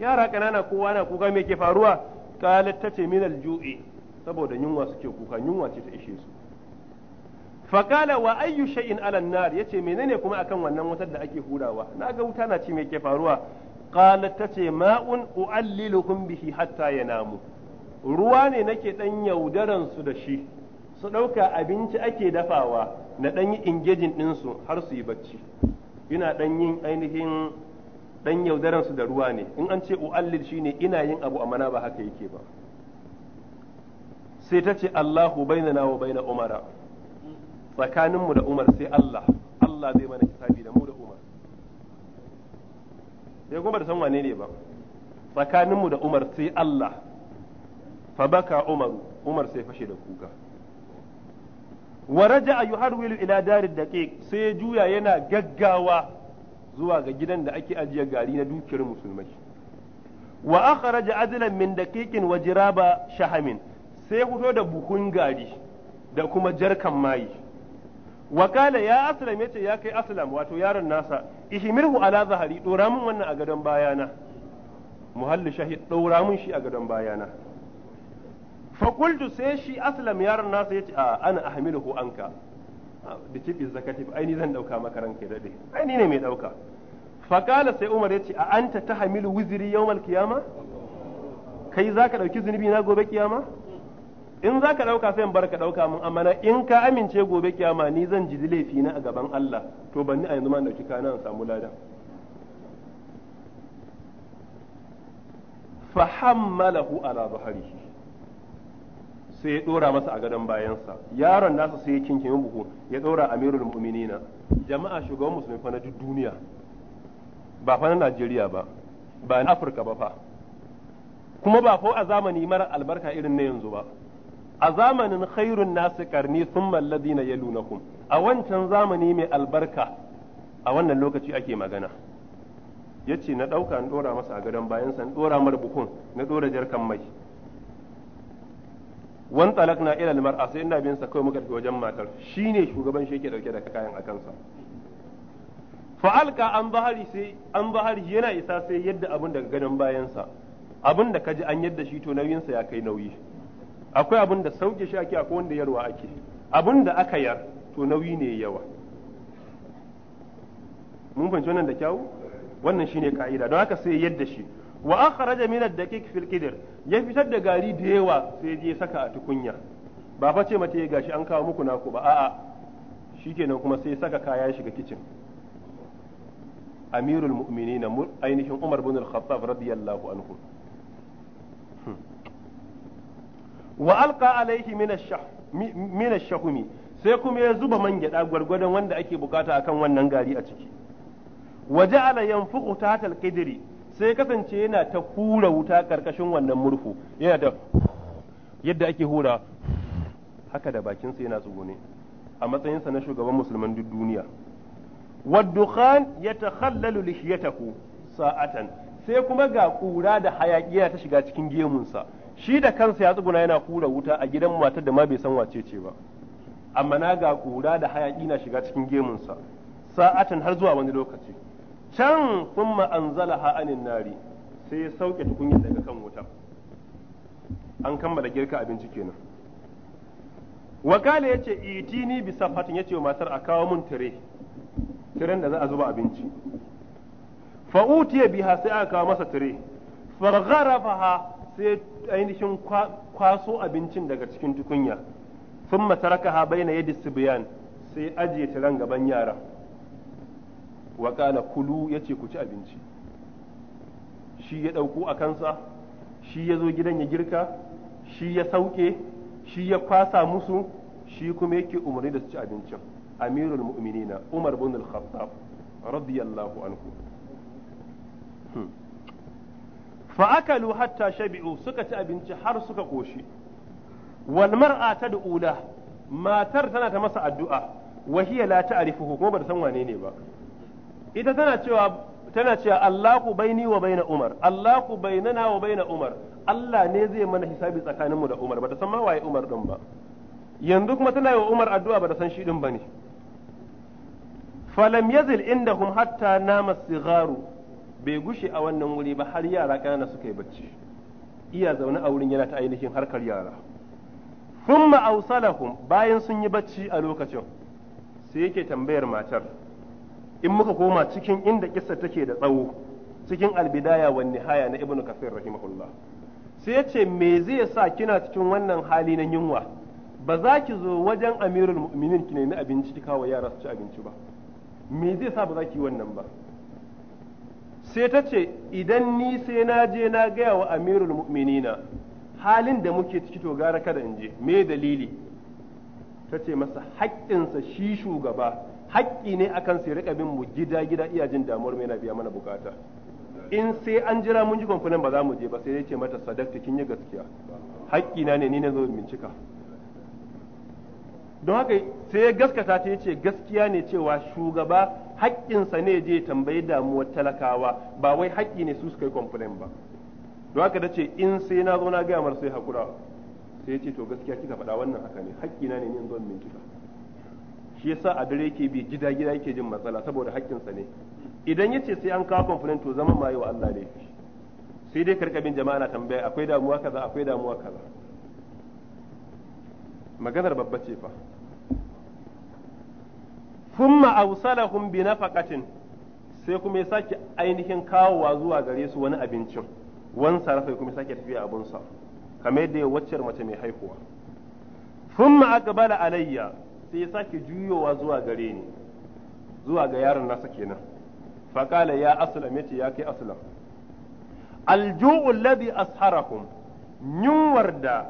yara ƙanana kowa na kuka mai ke faruwa qalat ta min minal jui saboda yunwa suke kuka yunwa ce ta ishe su faqala wa ayyu shay'in ala nar yace menene kuma akan wannan wutar da ake hurawa naga wuta na ce me ke faruwa ta ce ma'un u'allilukum bihi hatta yanamu ruwa ne nake dan yaudaran su da shi su ɗauka abinci ake dafawa na ɗan yi ingejin su har su yi bacci ina ɗan yin ainihin dan yaudaran su da ruwa ne in an ce uallil shine ina yin abu amma na ba haka yake ba sai ta ce Allahu bainana wa baina Umara tsakaninmu da Umar sai Allah Allah zai mana hisabi da mu da Umar sai kuma da san wane ne ba tsakaninmu da Umar sai Allah fa baka Umaru Umar sai fashe da kuka wa raja'a yuharwilu ila darid daqiq sai juya yana gaggawa zuwa ga gidan da ake ajiye gari na dukiyar musulmai wa akhraja adlan min daqiqin wa jiraba shahamin sai fito da buhun gari da kuma jarkan mayi wakala ya aslam yace ya kai aslam wato yaron nasa ihmirhu ala zahari dora mun wannan a gadon bayana muhalli shahid dora mun shi a gadon bayana fa qultu sai shi aslam yaron nasa yace a ana ahmiluhu anka bi tibi zakati ai ni zan dauka maka ranka dade ai ni ne mai dauka fa qala sai umar yace a anta tahmilu wizri yawmal qiyama kai zaka dauki zunubi na gobe kiyama in zaka dauka sai in barka dauka mun amma na in ka amince gobe kiyama ni zan ji laifi na a gaban Allah to ban ni a yanzu ma dauki kana in samu lada hammalahu ala zahrihi sai ya dora masa a gadon bayansa yaron nasa sai ya kinkime buhu ya dora amirul mu'minina jama'a shugaban musulmi fa na duk duniya ba fa na Najeriya ba ba na Afirka ba fa kuma ba fa a zamani mara albarka irin na yanzu ba a zamanin khairun nasu karni sun thumma alladhina yalunakum a wancan zamani mai albarka a wannan lokaci ake magana yace na ɗauka na dora masa a gadon bayansa na dora mara buhun na dora jarkan mai wan talakna ila almar'a sai ina bin sa kai muka tafi wajen matar shine shugaban shi yake dauke da kayan akan sa fa alqa an bahari sai an bahari yana isa sai yadda abun daga ganin bayan sa abun da kaji an yadda shi to nauyin sa ya kai nauyi akwai abun da sauke shi ake akwai wanda yarwa ake abun da aka yar to nauyi ne yawa mun fahimci wannan da kyau wannan shine ka'ida don haka sai yadda shi wa akhraj min ad-daqiq fil qidr ya fitar da gari da yawa sai je saka a tukunya ba fa ce mace gashi an kawo muku naku ba a'a shikenan kuma sai saka kaya shiga kicin amirul mu'minin ainihin umar bin al-khattab radiyallahu anhu hmm. wa alqa alaihi min ash-shahmi sai kuma ya zuba man gyada gwargwadon wanda ake bukata akan wannan gari a ciki waje ja'ala yanfuqu tahta qidri sai kasance yana ta hura wuta karkashin wannan murhu yana da yadda ake hura haka da bakinsa yana tsugune a matsayinsa na shugaban musulman duk duniya waddukhan ya takhallalu lihiyatahu sa'atan sai kuma ga kura da hayaki yana ta shiga cikin gemunsa shi da kansa ya tsuguna yana hura wuta a gidan matar da ma bai san wace ce ba amma na ga kura da hayaki na shiga cikin gemunsa sa'atan har zuwa wani lokaci can thumma anzalaha anin nari sai ya sauke tukunya daga kan wuta an kammala girka abinci kenan wakala yace itini bi safatin ce wa matar a kawo mun tire tiren da za a zuba abinci fa utiya biha sai aka kawo masa tire fargharafaha sai ainihin kwaso abincin daga cikin tukunya sun thumma ha baina su sibyan sai ajiye tiren gaban yara. wa qala kulu yace ku ci abinci shi ya ɗauko a kansa shi ya zo gidan ya girka shi ya sauke shi ya kwasa musu shi kuma yake umarni da su ci abincin amirul mu'minina umar bin al-khattab radiyallahu anhu hmm. fa akalu hatta shabi'u suka ci abinci har suka koshi wal mar'a ula matar tana ta masa addu'a wa hiya la ta'rifuhu kuma bata san wane ne ba ita tana cewa tana cewa Allahu baini wa baina Umar Allahu bainana wa baina Umar Allah ne zai mana hisabi tsakaninmu da Umar bata san ma waye Umar din ba yanzu kuma tana yi Umar addu'a bata san shi din bane falam yazil indahum hatta nama sigaru bai gushe a wannan wuri ba har yara kana suka yi bacci iya zaune a wurin yana ta ainihin harkar yara thumma awsalahum bayan sun yi bacci a lokacin sai yake tambayar matar in muka koma cikin inda kissa take da tsawo cikin albidaya wa nihaya na ibnu kafir rahimahullah sai yace me zai sa kina cikin wannan hali na yunwa ba za ki zo wajen amirul mu'minin ki na abinci ki kawo yara su ci abinci ba me zai sa ba za ki wannan ba sai ta ce idan ni sai na je na gaya wa amirul mu'minina halin da muke ciki to gara kada in je me dalili ta ce masa haƙƙinsa shi shugaba haƙƙi ne akan su rika bin mu gida gida iya jin damuwar mai na biya mana bukata in sai an jira mun ji kwamfanin ba za mu je ba sai ya ce mata sadakta kin yi gaskiya haƙƙi na ne ni ne zo bincika don haka sai gaskata ta ce gaskiya ne cewa shugaba haƙƙinsa ne je tambayi damuwar talakawa ba wai haƙƙi ne su suka yi kwamfanin ba don haka ce in sai na zo na gaya mar sai hakura sai ce to gaskiya kika faɗa wannan haka ne haƙƙi na ne ni zo min shi yasa a dare yake bi gida gida yake jin matsala saboda haƙƙinsa ne idan yace sai an kawo complaint to zaman ma wa Allah ne sai dai karkabin jama'a na tambaya akwai damuwa kaza akwai damuwa kaza maganar babba ce fa thumma awsalahum bi nafaqatin sai kuma ya sake ainihin kawowa zuwa gare su wani abincin wani sarrafa kuma sake tafiya abunsa kamar yadda ya waccar mace mai haihuwa thumma aqbala alayya sai ya sake juyowa zuwa gare ni zuwa ga yaron nasa kenan faqala ya aslam yace ya kai aslam alju'u alladhi asharahum yunwar da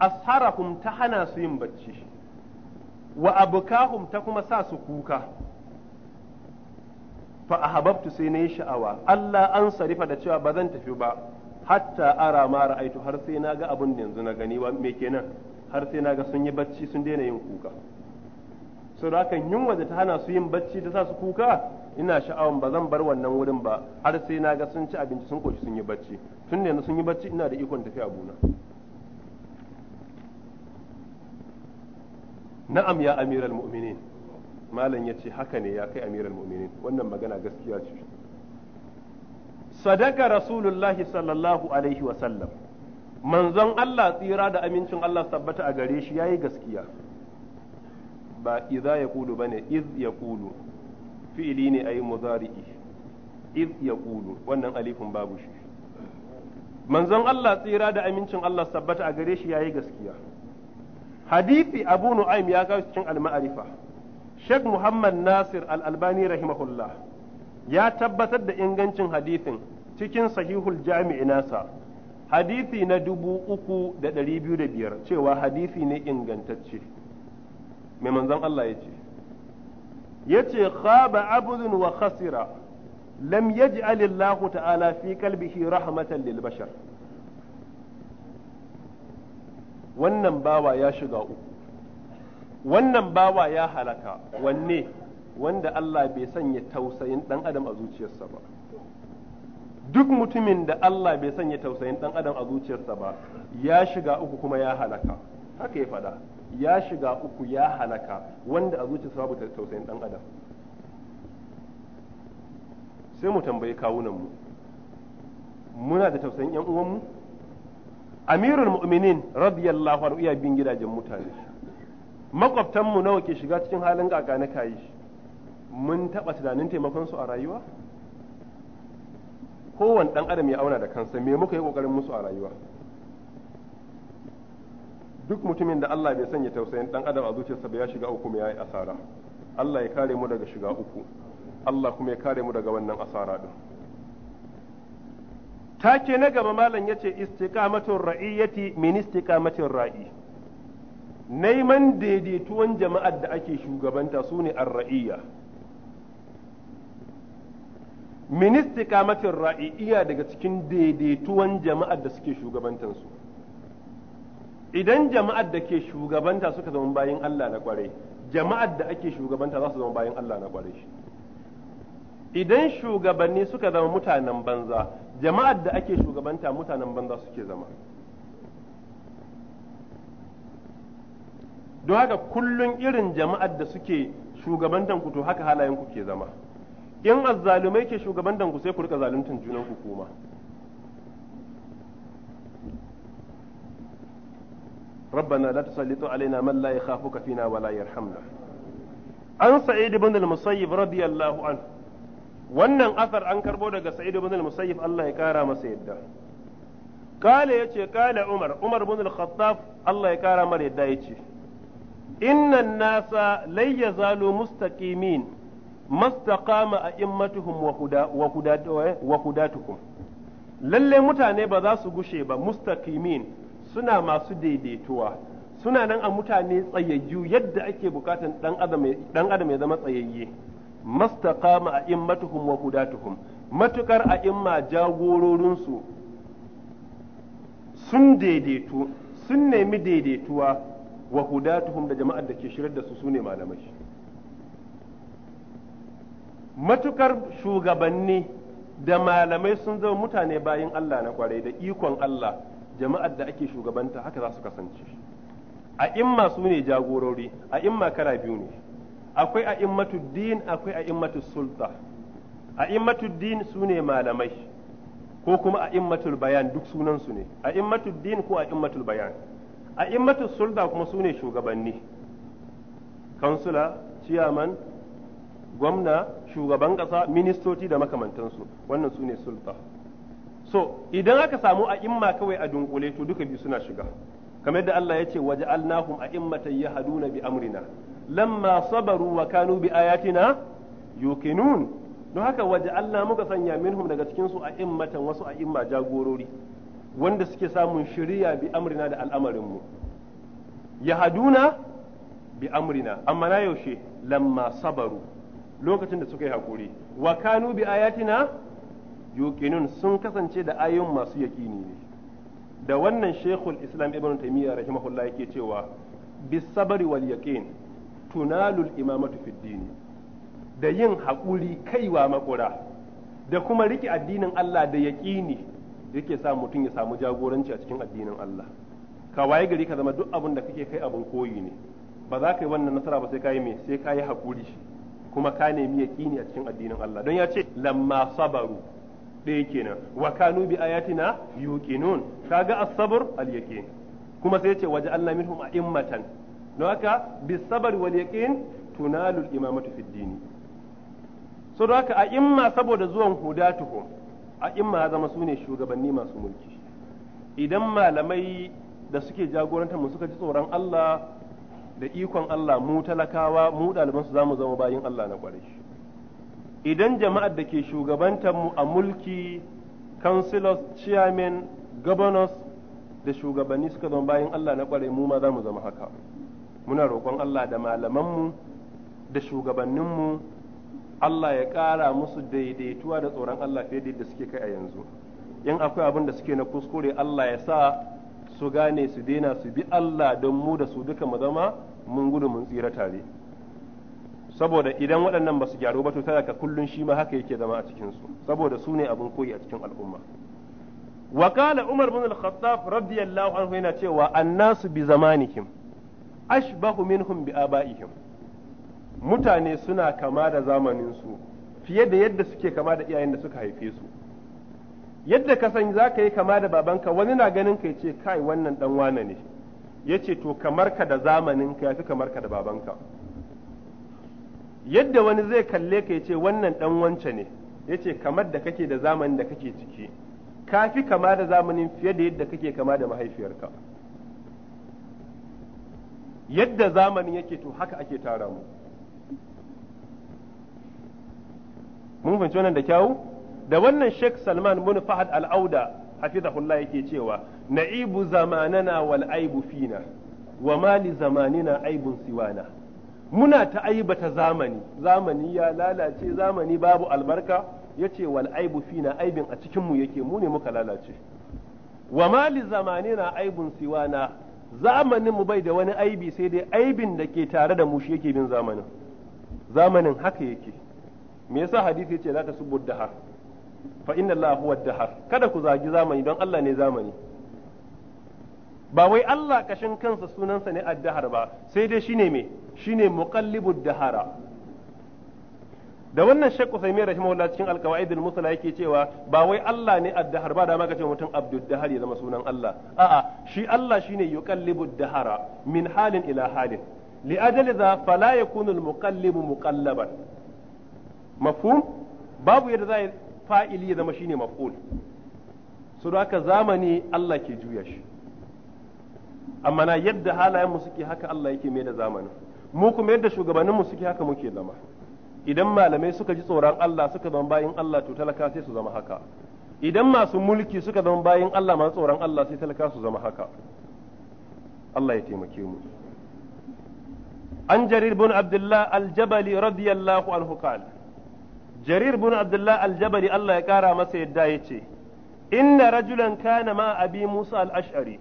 asharahum ta hana su yin bacci wa abukahum ta kuma sa su kuka fa ahabbtu sai na yi sha'awa Allah an sarifa da cewa ba zan tafi ba hatta ara ma ra'aitu har sai na ga abin da yanzu na gani wa me kenan har sai na ga sun yi bacci sun daina yin kuka so da hakan yunwa da ta hana su yin bacci ta sa su kuka ina sha'awan ba zan bar wannan wurin ba har sai na ga sun ci abinci sun koshi sun yi bacci tun da sun yi bacci ina da ikon tafi abuna na'am ya amiral mu'minin malam ya ce haka ne ya kai amiral mu'minin wannan magana gaskiya ce sadaka rasulullahi sallallahu alaihi wa sallam manzon Allah tsira da amincin Allah tabbata a gare shi yayi gaskiya ba idza yaqulu bane iz yaqulu fi'ili ne ayi mudari'i iz yaqulu wannan alifin babu shi manzon Allah tsira da amincin Allah sabbata a gare shi yi gaskiya hadisi Abu Nu'aym ya kawo cikin al-ma'rifa Sheikh Muhammad Nasir al-Albani rahimahullah ya tabbatar da ingancin hadisin cikin sahihul jami'i nasa hadisi na dubu uku da ɗari biyu da biyar cewa hadisi ne ingantacce mai manzon Allah ya ce ya yace khaba abudun wa khasira lam ji alillahu ta'ala fi kalbihi rahmatan lil wannan bawa ya shiga uku wannan bawa ya halaka wanne wanda Allah bai sanya tausayin dan adam a zuciyarsa ba duk mutumin da Allah bai sanya tausayin dan adam a zuciyarsa ba ya shiga uku kuma ya halaka haka ya faɗa ya shiga uku ya halaka wanda a zuci ta tausayin dan adam sai mu tambayi kawunanmu muna da tausayin yan uwanmu amirul mu'minin radiyallahu anhu iya bin gidajen mutane makwabtanmu nawa ke shiga cikin halin kaka na kayi mun taɓa tunanin taimakon su a rayuwa kowane ɗan adam ya auna da kansa me muka yi ƙoƙarin musu a rayuwa duk mutumin da Allah bai sanya tausayin dan adam a zuciyarsa ba ya shiga uku mai yayi asara Allah ya kare mu daga shiga uku Allah kuma ya kare mu daga wannan asara din take na gaba malam yace istiqamatur ra'iyati min istiqamatir ra'i neman daidaituwan jama'ar da ake shugabanta sune ar-ra'iyya min istiqamatir ra'i iya daga cikin daidaituwan jama'ar da suke shugabantansu idan jama'ar da ke shugabanta suka zama bayin Allah na kwarai jama'ar da ake shugabanta za su zama bayin Allah na kwarai idan shugabanni suka zama mutanen banza jama'ar da ake shugabanta mutanen banza suke zama don haka kullum irin jama'ar da suke shugabantan ku to haka halayen ku ke zama in azzalumai ke shugabantan ku sai ku rika zaluntan junan ku kuma ربنا لا تسلط علينا من لا يخافك فينا ولا يرحمنا عن سعيد بن المسيب رضي الله عنه wannan asar an karbo daga sa'id ibn al-musayyib Allah ya kara masa yadda kale yace kale umar umar ibn al-khattab Allah ya kara mar yadda yace an nasa lai yazalu mustaqimin mastaqama a'immatuhum wa huda wa hudatukum lalle mutane ba za su gushe ba mustaqimin suna masu daidaituwa suna nan a mutane tsayayyu yadda ake bukatan dan adam ya zama tsayayye mastaqama a immatuhum wa hudatuhum matukar a imma jagororinsu sun daidaitu sun nemi daidaituwa wa hudatuhum da jama'ar da ke shirar da su sune malamai matukar shugabanni da malamai sun zama mutane bayin Allah na kwarai da ikon Allah jama'ar da ake shugabanta haka za su kasance a imma su ne jagorori a imma kara biyu ne akwai a immatu din akwai a immatu sulta a immatu din su ne malamai ko kuma a immatu bayan duk sunansu ne a immatu din ko a immatu bayan a immatu sulta kuma su ne shugabanni kansula ciyaman gwamna shugaban ƙasa ministoci da makamantansu wannan su ne sulta so idan aka samu a imma kawai a dunkule to duka biyu suna shiga kamar yadda Allah ya ce a immatan yahduna bi amrina lamma sabaru wa kanu bi ayatina yuqinun don haka waja'alna muka sanya minhum daga cikin su a immatan wasu a a'imma jagorori wanda suke samun shiriya bi amrina da al'amarin mu yahduna bi amrina amma na yaushe lamma sabaru lokacin da suka yi hakuri wa kanu bi ayatina yuqinun sun kasance da ayoyin masu yaqini ne da wannan shekul islam ibn taymiyyah rahimahullah yake cewa bis sabri wal yaqin tunalul imamatu fid din da yin haƙuri kaiwa makura da kuma rike addinin Allah da yaqini yake sa mutum ya samu jagoranci a cikin addinin Allah ka waye gari ka zama duk abun da kake kai abin koyi ne ba za ka yi wannan nasara ba sai ka yi me sai ka yi haƙuri kuma ka nemi yaqini a cikin addinin Allah don ya ce lamma sabaru ɗaya kenan wa kanu bi ayatina yuqinun kaga as-sabr al-yaqin kuma sai yace waje Allah minhum a'immatan don haka bis-sabr wal yaqin tunalu al-imamatu fid din so don haka a'imma saboda zuwan hudatuhum a'imma zama sune shugabanni masu mulki idan malamai da suke jagorantar mu suka ji tsoron Allah da ikon Allah mu talakawa mu ɗaliban su zamu zama bayin Allah na kwarai idan jama'ar da ke shugabantar a mulki councilors chairman governors da shugabanni suka zama bayan Allah na kware mu ma za mu zama haka muna roƙon Allah da malamanmu da shugabanninmu Allah ya ƙara musu daidaituwa da tsoron Allah fiye da suke kai a yanzu in akwai abin da suke na kuskure Allah ya sa su gane su daina su bi Allah don mu da su duka mu zama mun gudu mun tsira tare saboda idan waɗannan ba su gyaru ba to talaka kullun shi ma haka yake zama a cikin su saboda su ne abin koyi a cikin al'umma wa qala umar ibn al-khattab radiyallahu anhu yana cewa annasu bi zamanikum ashbahu minhum bi abaihim mutane suna kama da zamanin su fiye da yadda suke kama da iyayen da suka haife su yadda ka san za ka yi kama da babanka wani na ganin ka yace kai wannan dan wane ne yace to kamar ka da zamanin ka ya fi kamar ka da babanka yadda wani zai kalle ka ce wannan dan wance ne yace kamar da kake da zamanin da kake ciki kafi kama da zamanin fiye da yadda kake kama da mahaifiyarka yadda zamanin yake to haka ake tara mu mun fahimci wannan da kyau da wannan Sheikh Salman bin Fahad Al-Auda hafizahullah yake cewa na'ibu zamanana wal aibu fina wa mali zamanina aibun siwana muna ta aibata zamani zamani ya lalace zamani babu albarka yace wal aibu fina aibin a cikin mu yake mu ne muka lalace wa ma li na aibun siwana zamanin mu bai da wani aibi sai dai aibin da ke tare da mu shi yake bin zamanin zamanin haka yake me yasa hadisi yace la tasubbu dahar fa inna Allah huwa dahar kada ku zagi zamani don Allah ne zamani ba wai Allah kashin kansa sunansa ne addahar ba sai dai shine me shine muqallibud dahara da wannan Sheikh Uthaymeen rahimahullah cikin al-Qawaid al yake cewa ba wai Allah ne ad-dahar ba da ma kace mutum abdud dahar ya zama sunan Allah a'a shi Allah shine yuqallibud dahara min halin ila halin li ajali za fala yakunu al-muqallibu muqallaban mafhum babu yadda zai fa'ili ya zama shine maf'ul da haka zamani Allah ke juya shi amma na yadda halayen mu suke haka Allah yake mai da zamanin mu kuma yadda shugabanninmu suke haka muke zama idan malamai suka ji tsoron Allah suka zama bayin Allah to talaka sai su zama haka idan masu mulki suka zama bayin Allah masu tsoron Allah sai talaka su zama haka Allah ya taimake mu an jarir bin abdullah al-jabali radiyallahu anhu qala jarir bin abdullah al-jabali Allah ya kara masa yadda yace inna rajulan kana ma abi musa al-ash'ari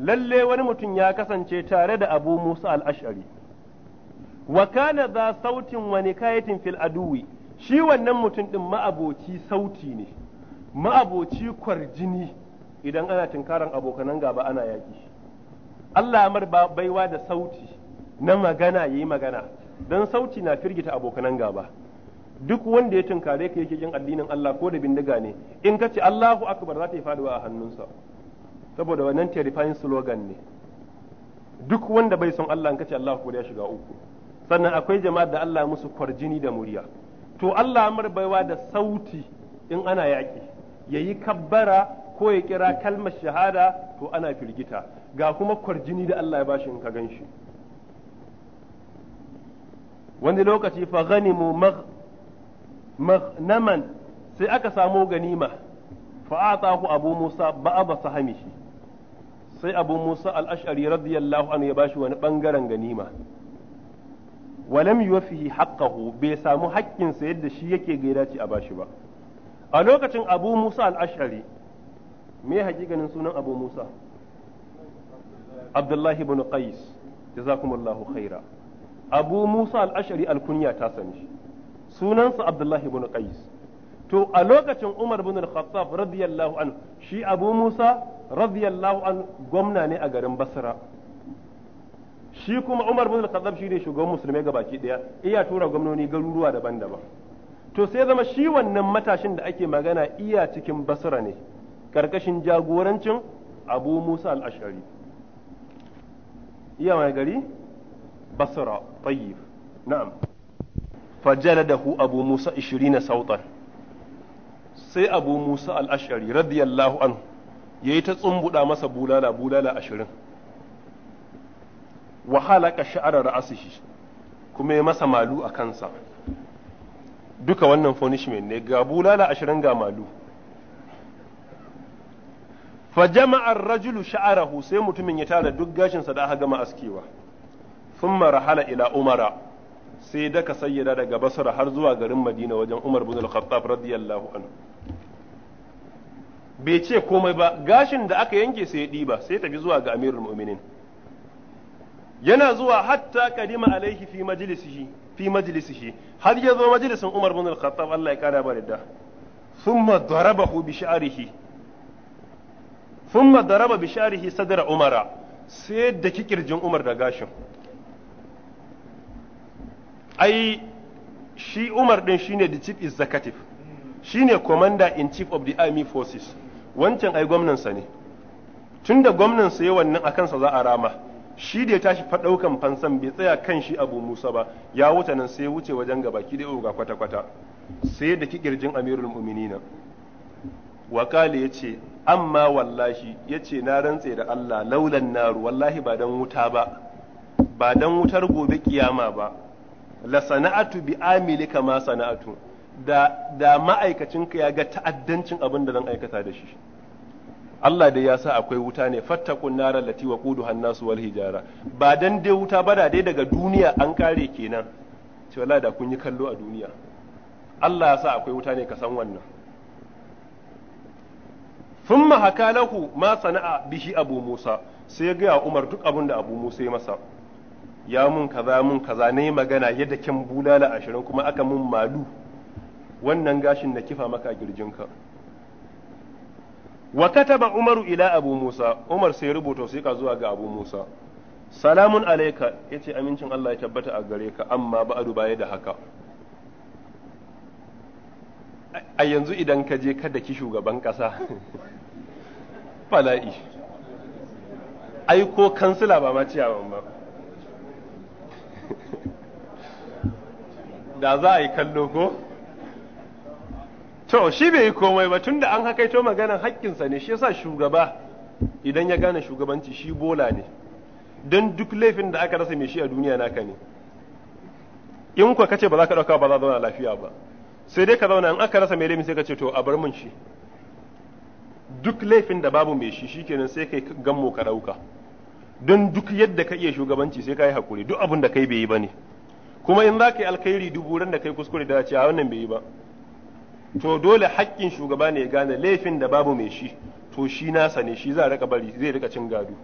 lalle wani mutum ya kasance tare da abu musa al-ash'ari wa kana za sautin wa kayatin fil aduwi shi wannan mutum din ma'aboci sauti ne ma'aboci kwarjini idan ana tinkaran abokanan gaba ana yaki Allah mar baiwa da sauti na magana yayi magana dan sauti na firgita abokanan gaba duk wanda ya tunkare ka yake kin addinin Allah ko da bindiga ne in ka ce Allahu akbar za ta yi faduwa a hannunsa saboda wannan terrifying slogan ne duk wanda bai son Allah in ka Allahu akbar ya shiga uku sannan akwai jama'ar da Allah musu kwarjini da murya to Allah baiwa da sauti in ana yaƙi yayi kabbara ko ya kira kalmar shahada to ana firgita ga kuma kwarjini da Allah ya bashi in ka ganshi shi wani lokaci fa ganimu magnaman sai aka samo ganima fa ku abu musa ba ba'aba sahamishi sai abu musa al-ash'ari radiyallahu anhu ya bashi wani bangaren ganima walam yuwaffihi haqqahu bai samu haƙƙin haƙƙinsa yadda shi yake ga dace a bashi ba a lokacin Abu Musa al-Ash'ari me hakikanin sunan Abu Musa Abdullah ibn Qais jazakumullahu khaira Abu Musa al-Ash'ari al-kunya ta sani sunansa Abdullahi ibn Qais to a lokacin Umar ibn al-Khattab radiyallahu anhu shi Abu Musa radiyallahu anhu gwamna ne a garin Basra shi kuma Umar bin Khattab shine shugaban musulmai baki daya iya tura gwamnoni garuruwa daban-daban to sai zama shi wannan matashin da ake magana iya cikin Basra ne karkashin jagorancin Abu Musa al-Ash'ari iya mai gari Basra tayyib na'am fajaladahu Abu Musa 20 sautan sai Abu Musa al-Ash'ari radiyallahu anhu yayi ta tsumbuda masa bulala bulala 20 Wahala ka sha'ara ra'asihi kuma ya masa malu a kansa duka wannan punishment ne ga bulala ashirin ga malu fa jama'ar rajulu sha'arahu sai mutumin ya tara duk gashinsa da aka gama askewa thumma rahala ila umara sai daka sayyada daga basra har zuwa garin madina wajen umar bin al-khattab radiyallahu anhu bai ce komai ba gashin da aka yanke sai ya ɗiba sai tafi zuwa ga amirul mu'minin yana zuwa hatta kadima alaihi fi majlisihi fi majlisihi har ya zo majlisin Umar bin Al-Khattab Allah ya kara ba da thumma darabahu bi sha'rihi thumma daraba bi sha'rihi sadra Umara sai da kikirjin Umar da gashin ai shi Umar din shine the chief executive shine commander in chief of the army forces wancan ai gwamnansa ne tunda gwamnansa yayin wannan sa za a rama shi da ya tashi faɗaukan fansan bai tsaya kan shi abu musa ba ya wuce nan sai wuce wajen gaba ki da ga kwata kwata sai da ki kikirjin amirul mu'minina wakali ya ce amma wallahi ya ce na rantse da allah laulan naru wallahi ba dan wuta ba ba dan wutar gobe kiyama ba la sana'atu bi amili kama sana'atu da da ma'aikacinka ya ga ta'addancin abin da zan aikata da shi Allah dai ya sa akwai wuta ne fattakun nara lati wa kudu hannasu wal hijara ba dan dai wuta ba da dai daga duniya an kare kenan ce wallahi da kun yi kallo a duniya Allah ya sa akwai wuta ne ka san wannan thumma hakalahu ma sana'a bihi abu Musa sai ya ga Umar duk abin da Abu Musa ya masa ya mun kaza mun kaza ne magana yadda kin bulala ashirin kuma aka mun malu wannan gashin da kifa maka a girjinka wa kataba umaru ila abu musa umar sai rubuta ka zuwa ga abu musa salamun alaika yace amincin Allah ya tabbata a gare ka amma ba'adu baya da haka a yanzu idan ka je kada ki shugaban kasa fala'i ai ko kansila ba ma ba da za a yi kallo ko to shi bai yi komai ba tunda an hakaito maganan haƙƙinsa ne shi yasa shugaba idan ya gane shugabanci shi bola ne don duk laifin da aka rasa mai shi a duniya naka ne in kuwa kace ba za ka ɗauka ba za zauna lafiya ba sai dai ka zauna in aka rasa mai laifin sai ka ce to a bar mun shi duk laifin da babu mai shi shikenan sai kai gammo ka ɗauka don duk yadda ka iya shugabanci sai ka yi hakuri duk abin da kai bai yi ba ne kuma in za ka yi alkhairi dubu ran da kai kuskure da ce a wannan bai yi ba to dole haƙƙin shugaba ne ya gane laifin da babu mai shi to shi nasa ne shi za a rika bari zai rika cin gado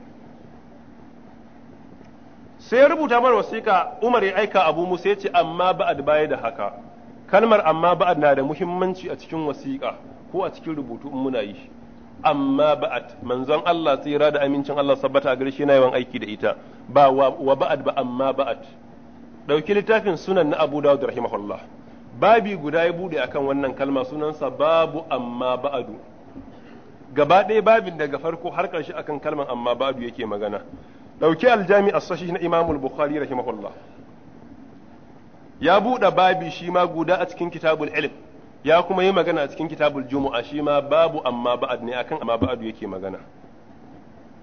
sai rubuta mana wasiƙa Umar ya aika Abu Musa ya ce amma ba'ad baya da haka kalmar amma ba'ad na da muhimmanci a cikin wasiƙa ko a cikin rubutu in muna yi amma ba'ad manzon Allah tsira da amincin Allah sabbata a gare shi yana yawan aiki da ita ba wa ba'ad ba amma ba'ad dauki littafin sunan na Abu Dawud rahimahullah babi guda ya bude akan wannan kalma sunansa babu amma ba'adu gaba ɗaya babin daga farko har ƙarshe akan kalman amma ba'adu yake magana ɗauki aljami as-sahih na Imam Bukhari rahimahullah ya buɗe babi shi ma guda a cikin kitabul ilm ya kuma yi magana a cikin kitabul jumu'a shi ma babu amma ba'ad ne akan amma ba'adu yake magana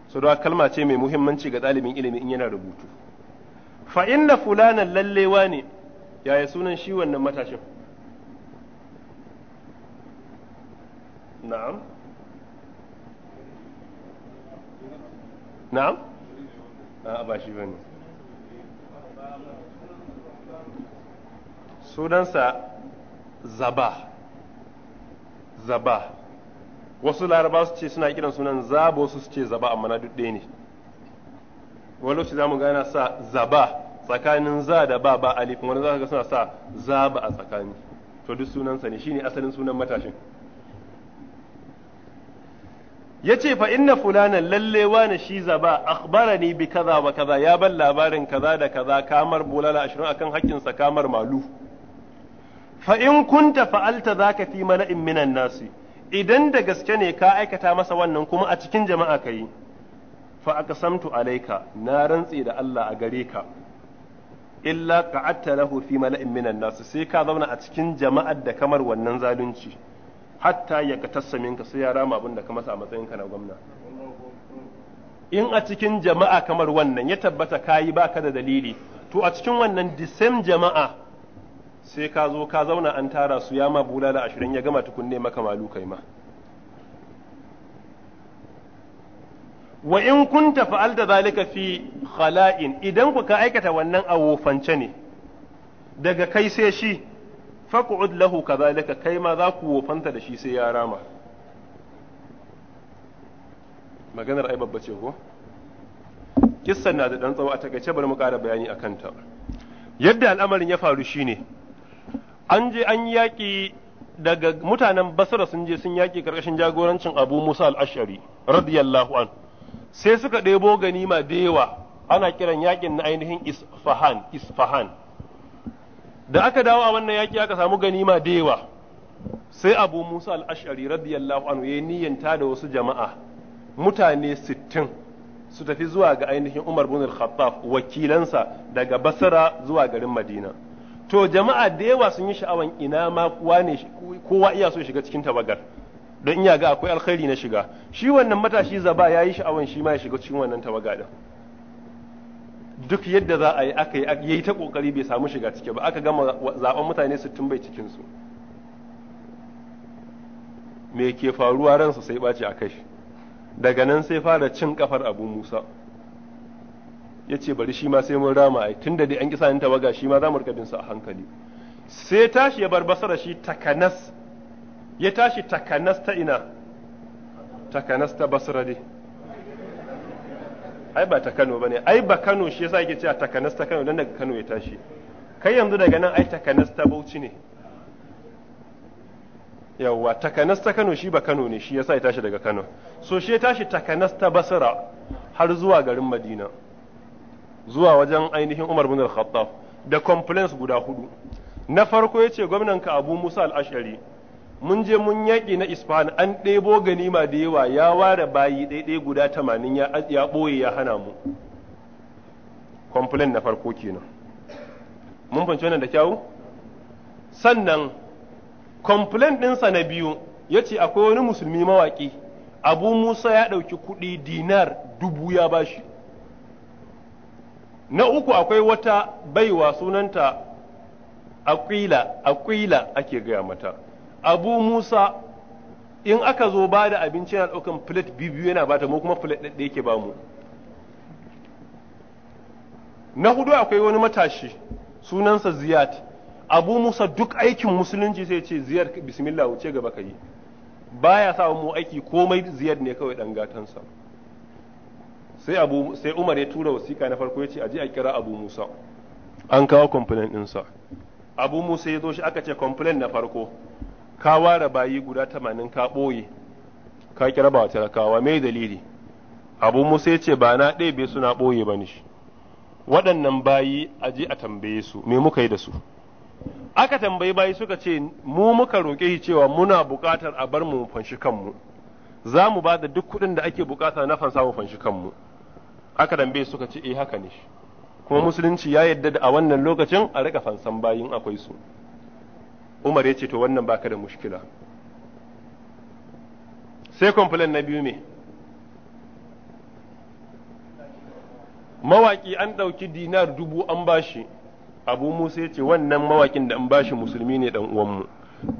so da kalma ce mai muhimmanci ga ɗalibin ilimi in yana rubutu fa inna fulanan lallewa ne yaya sunan shi wannan matashin na'am na'am a ba shi bane sunansa zaba zaba wasu laraba su ce suna kiran sunan zaba wasu su ce zaba amma na duk ɗaya ne wani lokaci za mu gana sa zaba tsakanin za da ba ba alif wani za ga suna sa za ba a tsakani to duk sunansa ne shine asalin sunan matashin yace fa inna fulana lalle wani shi zaba akhbarani bi kaza wa kaza ya ban labarin kaza da kaza kamar bulala ashirin akan hakkin sa kamar malu fa in kunta fa'alta zaka fi mala'in minan nasi idan da gaske ne ka aikata masa wannan kuma a cikin jama'a kai fa aqsamtu alayka na rantsi da Allah a gare ka illa ka lahu fi mala'in minan nas sai ka zauna a cikin jama'ar da kamar wannan zalunci hatta ya ka tassamin ka sai ya rama abin da ka masa a matsayin ka na gwamna in a cikin jama'a kamar wannan ya tabbata kayi ka da dalili to a cikin wannan the same jama'a sai ka zo ka zauna an tara su ya ma bulala ashirin ya gama tukunne maka malu kai ma wa in kunta da zalika fi khala'in idan ku ka aikata wannan a wofance ne daga kai sai shi faq'ud lahu kadhalika kai ma za ku wofanta da shi sai ya rama maganar ai babba ce ko kissan na da dan tsawo a takaice bari mu ƙara bayani akan ta yadda al'amarin ya faru shine an je an yaƙi daga mutanen basra sun je sun yaƙi karkashin jagorancin abu musa al-ash'ari radiyallahu anhu sai suka ɗebo ganima da yawa ana kiran yakin na ainihin isfahan isfahan da aka dawo a wannan yaki aka samu ganima da yawa sai abu musa al-ash'ari radiyallahu anhu ya niyyanta da wasu jama'a mutane sittin su tafi zuwa ga ainihin umar bin al-khattab wakilansa daga basra zuwa garin madina to jama'a da yawa sun yi sha'awan ina ma kowa ne kowa iya so shiga cikin tabagar don ya ga akwai alkhairi na shiga shi wannan matashi zaba ya yi sha'awan shi ma ya shiga cikin wannan tawaga din duk yadda za a yi aka yi ta kokari bai samu shiga cike ba aka gama zaben mutane tun bai cikin su me ke faruwa ransa sai ɓaci a kai daga nan sai fara cin kafar abu musa ya ce bari shi ma sai mun rama ai tun da dai an kisa tawaga shi ma za mu rika bin a hankali sai tashi ya bar basara shi takanas ya tashi takanasta ina takanasta basra dai ai ba ta Kano bane ai ba Kano shi yasa yake cewa takanasta Kano dan daga Kano ya tashi kai yanzu daga nan ai takanasta Bauchi ne yawwa takanasta Kano shi ba Kano ne shi yasa ya tashi daga Kano so shi ya tashi takanasta Basra har zuwa garin Madina zuwa wajen ainihin Umar bin Al-Khattab da complaints guda hudu na farko yace gwamnan ka Abu Musa Al-Ash'ari mun je mun yaƙi na isfan an ɗebo ganima da yawa ya ware bayi ɗaiɗai guda tamanin ya ɓoye ya hana mu complain na farko kenan mun fahimci wannan da kyawu sannan complain ɗinsa na biyu ya ce akwai wani musulmi mawaƙi abu musa ya ɗauki kuɗi dinar dubu ya bashi na uku akwai wata baiwa sunanta aƙila aƙila ake gaya mata abu musa in aka zo ba da abinci yana ɗaukan filet biyu yana bata mu kuma plate ɗaɗɗe yake ba mu na hudu akwai wani matashi sunansa ziyad abu musa duk aikin musulunci sai ce ziyad bismillah wuce gaba ka yi baya sa mu aiki komai ziyad ne kawai dan gatansa sai umar ya tura wasiƙa na farko ya ce aje a kira abu musa an kawo complaint ɗinsa abu musa ya zo shi aka ce complaint na farko ka ware bayi guda tamanin ka ɓoye ka kira ba talakawa mai dalili abu musa ya ce ba na ɗebe suna ɓoye ba ni waɗannan bayi a je a tambaye su me muka yi da su aka tambayi bayi suka ce mu muka roƙe shi cewa muna buƙatar a bar mu fanshi kanmu za mu ba da duk kuɗin da ake buƙata na fansa mu fanshi kanmu aka tambaye suka ce eh haka ne kuma musulunci ya yarda da a wannan lokacin a riƙa fansan bayin akwai su Umar ya ce to wannan baka da mushkila sai complain na biyu ne mawaƙi an ɗauki dinar dubu an bashi abu musa ya ce wannan mawaƙin da an bashi musulmi ne dan uwanmu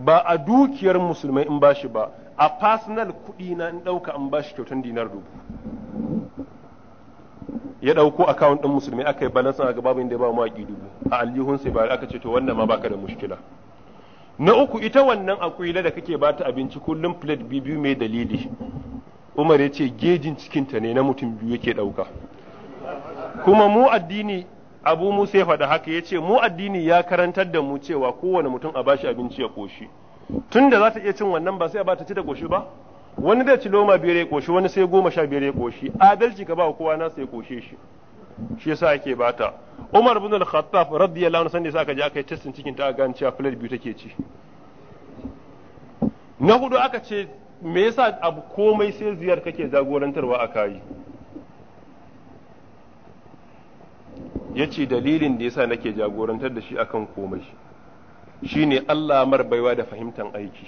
ba a dukiyar musulmai in bashi ba a personal kuɗi na in ɗauka an bashi kyautan dinar dubu ya ɗauko account ɗin musulmi aka yi balance a gaba babu inda ya ba mawaƙi dubu a aljihun sai ba aka ce to wannan ma baka da mushkila na uku ita wannan akuyila da kake bata abinci kullum plate biyu mai dalili Umar ya ce gejin cikinta ne na mutum biyu yake ɗauka kuma mu addini abu musa ya faɗa haka ya ce mu addini ya karantar da mu cewa kowane mutum a bashi abinci ya koshi tun da za ta iya cin wannan ba sai a ba ta ci da koshi ba wani zai ci loma biyar ya koshi wani sai goma sha biyar ya koshi adalci ka ba kowa na sai koshe shi shi yasa yake bata Umar ibn al-Khattab radiyallahu anhu sanda aka je aka yi testin cikin ta gane cewa plate biyu take ci na hudu aka ce me yasa abu komai sai ziyar kake jagorantarwa a kayi yace dalilin da yasa nake jagorantar da shi akan komai shine Allah mar baiwa da fahimtar aiki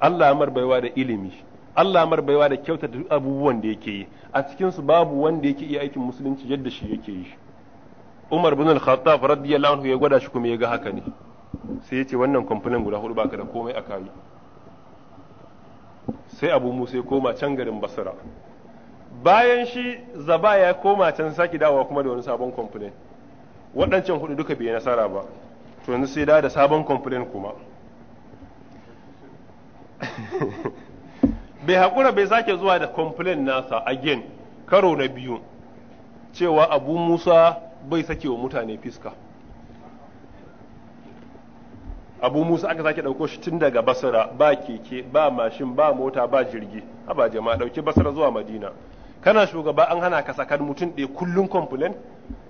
Allah mar baiwa da ilimi Allah mar baiwa da kyautata da abubuwan da yake yi a cikin su babu wanda yake iya aikin musulunci yadda shi yake yi Umar bin Al-Khattab radiyallahu anhu ya gwada shi kuma ya ga haka ne sai ya ce wannan kwamfanin guda hudu baka da komai a kai sai Abu Musa ya koma can garin Basra bayan shi Zaba ya koma can saki dawowa kuma da wani sabon kwamfanin waɗancan hudu duka bai nasara ba to yanzu sai da sabon kwamfanin kuma bai haƙura bai sake zuwa da complain nasa again karo na biyu cewa abu musa bai sake wa mutane fiska abu musa aka sake ɗauko shi tun daga basira ba keke ba mashin ba mota ba jirgi haba jama'a ɗauki basra zuwa madina kana shugaba an hana ka sakar mutum ɗaya kullum complain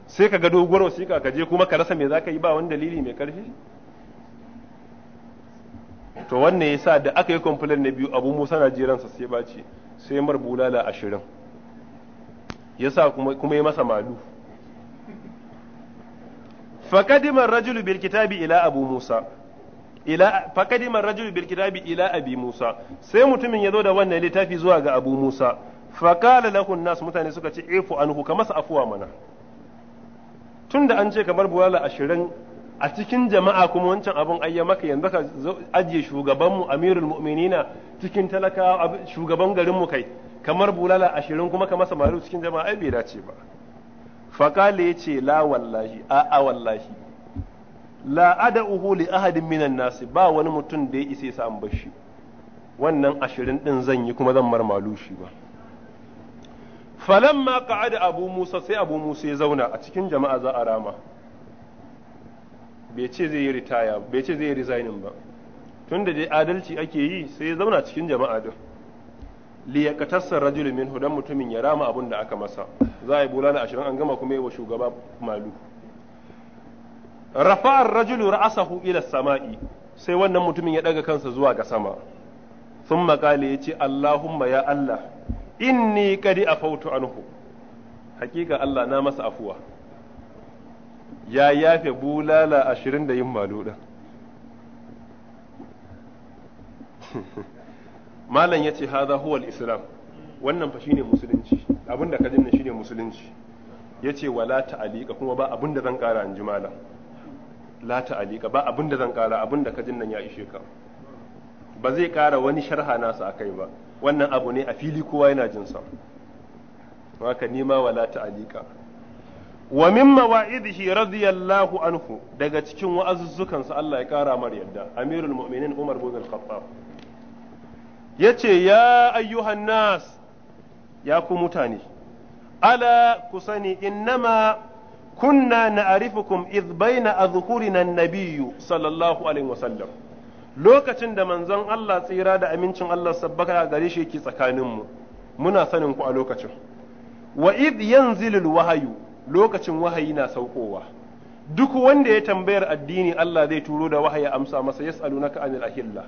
sai ka ga doguwar wasiƙa ka je kuma ka rasa me za ka yi ba wani dalili mai ƙarfi to wannan yasa da aka yi complain na biyu abu musa na jiransa sai baci sai mar bulala ashirin yasa kuma kuma ya masa malu rajulu bil kitabi ila abu musa ila faqadim ar-rajulu bil kitabi ila abi Musa sai mutumin yazo da wannan littafi zuwa ga Abu Musa faqala lahu nas mutane suka ce ifu anhu ka masa afuwa mana tunda an ce kamar bulala ashirin a cikin jama'a kuma wancan abun ayya maka yanzu ka ajiye shugabanmu amirul mu'minina cikin talaka shugaban garinmu kai kamar bulala ashirin kuma ka masa malu cikin jama'a ai bai dace ba faqala yace la wallahi a a wallahi la ada'uhu li ahadin minan nasi ba wani mutum da ya isa ya samu bashi wannan ashirin din zan yi kuma zan mar malu shi ba falamma qa'ada abu musa sai abu musa ya zauna a cikin jama'a za a rama bai ce zai yi ritaya bai ce zai yi resignin ba tun da dai adalci ake yi sai ya zauna cikin jama'a din li katassar rajulun min dan mutumin ya rama abun da aka masa za a yi bulala ashirin an gama kuma yi wa shugaba malu rafa'a rajulu ra'asahu ila sama'i sai wannan mutumin ya daga kansa zuwa ga sama sun makale ya ce Allahumma ya Allah inni kadi afautu anhu hakika Allah na masa afuwa ya yafe bulala ashirin da yin maluɗa malam ya ce haza huwal islam wannan fa shine musulunci abin da kajin nan shine musulunci ya ce wa la ta'alika kuma ba abin da zan kara in ji malam la ta'alika ba abin da zan kara abin da kajin nan ya ishe ka ba zai kara wani sharha nasa akai ba wannan abu ne a fili kowa yana jin sa haka nima wa la ta'alika wa min mawa'idihi radiyallahu anhu daga cikin wa'azuzzukansa Allah ya kara mar yadda amirul mu'minin Umar bin Khattab yace ya ayyuhan nas ya ku mutane ala kusani, innama kunna na'rifukum idh baina azhurina an-nabiyyu sallallahu alaihi wasallam lokacin da manzon Allah tsira da amincin Allah sabbaka gare shi yake tsakaninmu muna sanin ku a lokacin wa idh yanzilul wahayu lokacin wahayi na saukowa duk wanda ya tambayar addini Allah zai turo da wahayi amsa masa yas'alunaka anil ahilla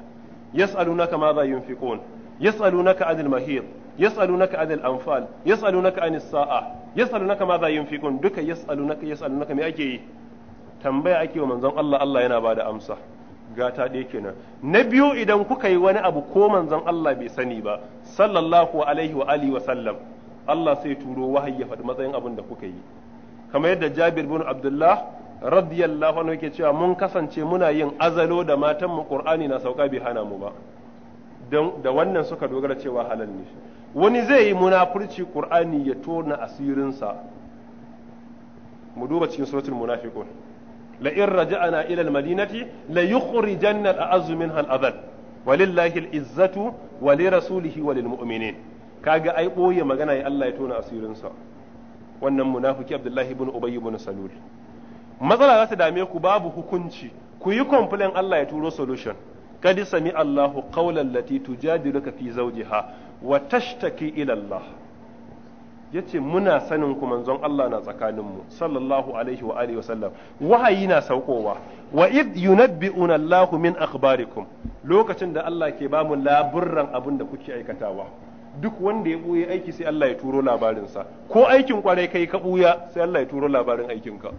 yas'alunaka ma za yunfiqun yas'alunaka anil mahid yas'alunaka anil anfal yas'alunaka anis sa'a yas'alunaka ma za yunfiqun duka yas'alunaka yas'alunaka me ake yi tambaya ake wa manzon Allah Allah yana bada amsa gata ɗaya kenan na biyu idan kuka yi wani abu ko manzon Allah bai sani ba sallallahu alaihi wa alihi wa sallam Allah sai turo wahayi ya faɗi matsayin abin da kuka yi kamar yadda Jabir bin Abdullah radiyallahu anhu yake cewa mun kasance muna yin azalo da matan mu Qur'ani na sauka bai hana mu ba da wannan suka dogara cewa halal ne wani zai yi munafurci Qur'ani ya tona asirinsa mu duba cikin suratul munafiqun la in raja'na ila al-madinati la yukhrijanna al azumin minha al-adhal walillahi al-izzatu wa rasulihi wa muminin kaga ai boye magana ya Allah ya tona asirinsa wannan munafiki Abdullahi ibn Ubay ibn Salul matsala za ta dame ku babu hukunci ku yi complain Allah ya turo solution kad sami Allahu qawlan lati tujadiluka fi zawjiha wa tashtaki ila Allah yace muna sanin ku manzon Allah na tsakanin mu sallallahu alaihi wa alihi wahayi na saukowa wa id yunabbi'una Allah min akhbarikum lokacin da Allah ke bamu laburran abin da kuke aikatawa duk wanda ya buye aiki sai Allah ya turo labarinsa ko aikin kwarai kai ka buya sai Allah ya turo labarin aikinka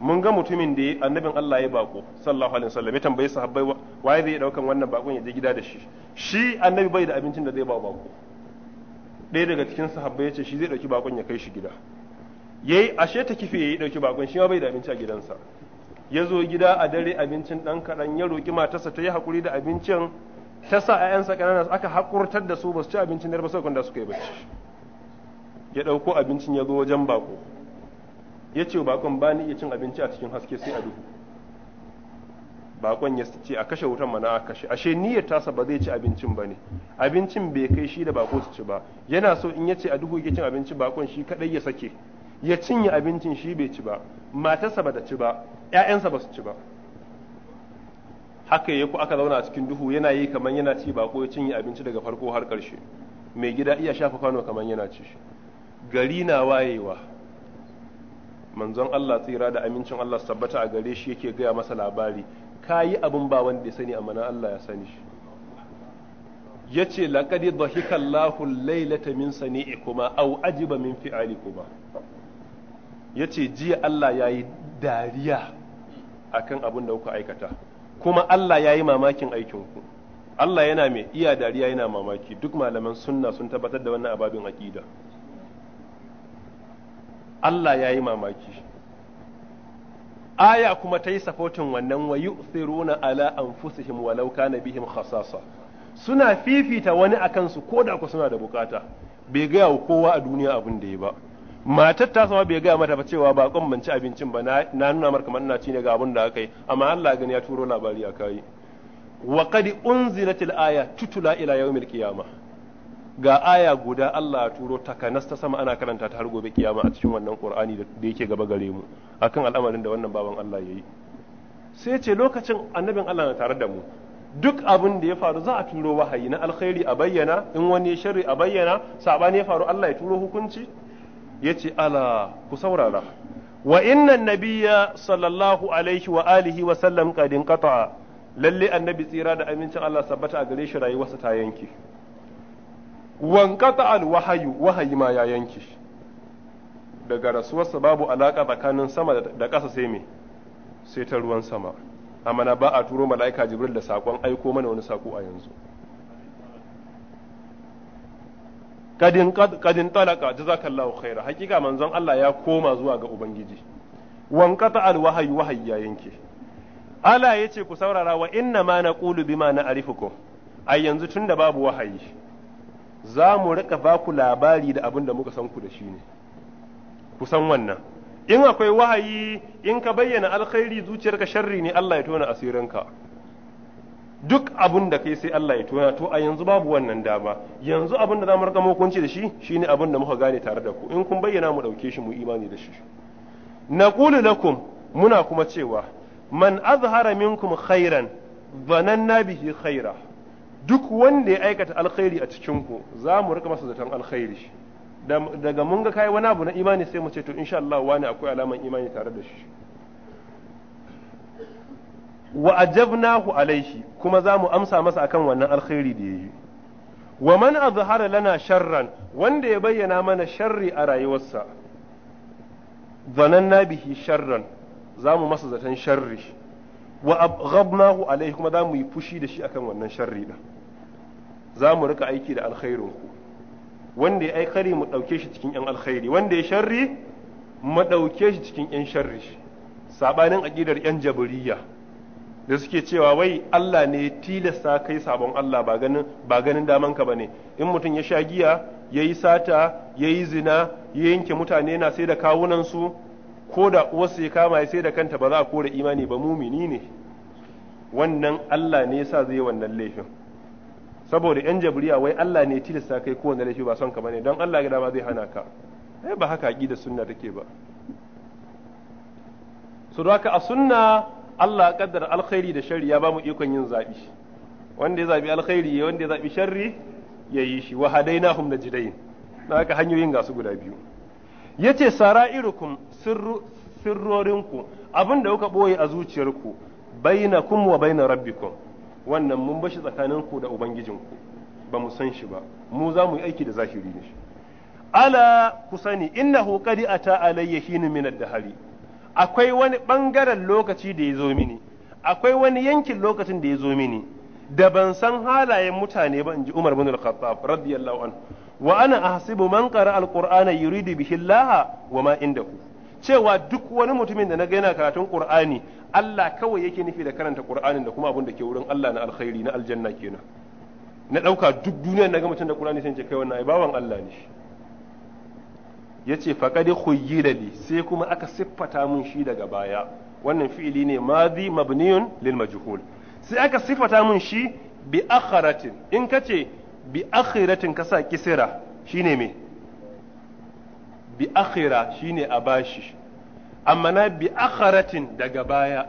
mun ga mutumin da annabin Allah ya bako sallallahu alaihi wasallam ya tambayi sahabbai waye zai daukan wannan bakon ya je gida da shi shi annabi bai da abincin da zai ba bako ɗaya daga cikin sahabbai ya ce shi zai dauki bakon ya kai shi gida yayi ashe ta kife yayi dauki bakon shi ma bai da abinci a gidansa ya zo gida a dare abincin ɗan kaɗan ya roƙi matarsa ta yi haƙuri da abincin ta sa ƴaƴansa ƙanana aka haƙurtar da su ba su ci abincin dare ba sai kwanda suka yi bacci ya ɗauko abincin ya zo wajen bako ya ce bakon ba ni iya cin abinci a cikin haske sai a duhu bakon ya ce a kashe wutan mana a kashe ashe niyyar tasa ba zai ci abincin ba ne abincin bai kai shi da bako su ci ba yana so in ya ce a duhu yake cin abinci bakon shi kadai ya sake ya cinye abincin shi bai ci ba matarsa ba ta ci ba 'ya'yansa ba su ci ba haka yayi ku aka zauna a cikin duhu yana yi kaman yana ci ba ko ya cinye abinci daga farko har karshe mai gida iya shafa kwano kaman yana ci gari na wayewa manzon Allah tsira da amincin Allah tabbata a gare shi yake gaya masa labari kayi abun ba wanda ya sani amma na Allah ya sani shi yace laqad dhahika Allahu laylata min sani'ikuma aw ajiba min fi'alikuma yace jiya Allah yayi dariya akan abin da kuka aikata kuma Allah ya yi mamakin aikinku Allah yana mai iya dariya yana mamaki duk malaman sunna sun tabbatar da wannan ababin aƙida Allah ya yi mamaki aya kuma ta yi sapotin wannan wa yu'thiruna ala anfusihim walau kana bihim khasasa suna fifita wani akan su ko da ku suna da bukata bai gaya wa kowa a duniya abin da ya ba matar ta sama bai gaya mata ba cewa ba kun ban ci abincin ba na nuna mar kamar ina ci ne ga abin da aka yi amma Allah gani ya turo labari a kai wa qad unzilatil aya tutula ila yawmil qiyamah ga aya guda Allah ya turo takanas ta sama ana karanta ta har gobe kiyama a cikin wannan Qur'ani da yake gaba gare mu akan al'amarin da wannan baban Allah yayi sai ce lokacin annabin Allah na tare da mu duk abin da ya faru za a turo wahayi na alkhairi a bayyana in wani sharri a bayyana sabani ya faru Allah ya turo hukunci yace ala ku saurara wa inna nabiyya sallallahu alaihi wa alihi wa sallam kadin qata lalle annabi tsira da amincin Allah sabbata a gare shi rayuwarsa ta yanke qata al wahayu wahayi ma ya yanke daga rasuwarsa babu alaka tsakanin sama da kasa sai me sai ta ruwan sama amana ba a turo mala'ika jibril da sakon aiko mana wani sako a yanzu kadin kadin talaka jazakallahu khaira hakika manzon Allah ya koma zuwa ga ubangiji wan qata al wahyi wahyi ya yanke Allah yace ku saurara wa inna ma naqulu bima na'rifukum ai yanzu tunda babu wahayi za mu rika ba ku labari da abin da muka san ku da shi ne ku san wannan in akwai wahayi in ka bayyana alkhairi zuciyarka sharri ne Allah ya tona asirinka duk abin da kai sai Allah ya tona to a yanzu babu wannan dama yanzu abin da za mu rika hukunci da shi shine abin da muka gane tare da ku in kun bayyana mu dauke shi mu imani da shi naqulu lakum muna kuma cewa man azhara minkum khairan dhananna bihi khaira duk wanda ya aikata alkhairi a cikin ku za mu rika masa zaton alkhairi daga mun ga kai wani abu na imani sai mu ce to insha Allah wani akwai alaman imani tare da shi wa ajabnahu alaihi kuma za mu amsa masa akan wannan alkhairi da yayi wa man azhara lana sharran wanda ya bayyana mana sharri a rayuwarsa zananna bihi sharran za mu masa zaton sharri wa abghadnahu alaihi kuma za mu yi fushi da shi akan wannan sharri da za mu rika aiki da alkhairin ku wanda ya aikari mu dauke shi cikin yan alkhairi wanda ya sharri mu dauke shi cikin yan sharri sabanin aqidar yan jabariya da suke cewa wai Allah ne tilasta kai sabon Allah ba ganin ba ganin daman ka bane in mutum ya sha giya yayi sata yayi zina ya yanke mutane na sai da kawunan su ko da uwarsu ya kama ya sai da kanta ba za a kore imani ba mumini ne wannan Allah ne yasa zai wannan laifin saboda yan jabriya wai Allah ne tilasta kai ko wanda laifi ba son ka bane don Allah ya dama zai hana ka eh ba haka aqida sunna take ba so haka a sunna Allah kaddara alkhairi da sharri ya ba mu ikon yin zabi wanda ya zabi alkhairi ya wanda ya zabi sharri ya yi shi wa hadainahum najdain na haka hanyoyin gasu guda biyu yace sara'irukum sirru sirrorinku da kuka ɓoye a zuciyarku bainakum wa baina rabbikum wannan mun bashi tsakaninku da ubangijinku ba mu san shi ba mu za mu yi aiki da zahiri ne shi ala ku sani innahu qadi ata alayya hin min ad dahari akwai wani ɓangaren lokaci da ya zo mini akwai wani yankin lokacin da ya zo mini da ban san halayen mutane ba in ji Umar bin Al-Khattab radiyallahu anhu wa ana ahsibu man qara al-Qur'ana yuridu bihi Allah wa ma indahu cewa duk wani mutumin da naga yana karatun Qur'ani Allah kawai yake nufi da karanta Qur'anin da kuma abin da ke wurin Allah na alkhairi na aljanna kenan na dauka duk duniyar naga mutum da Qur'ani sai ce kai wannan ai bawan Allah ne yace faqad khuyyila li sai kuma aka siffata mun shi daga baya wannan fi'ili ne madhi mabniyun lil majhul sai aka siffata mun shi bi akharatin in kace bi akhiratin kasa kisira shine me bi akhira shine a bashi amma na bi akharatin daga baya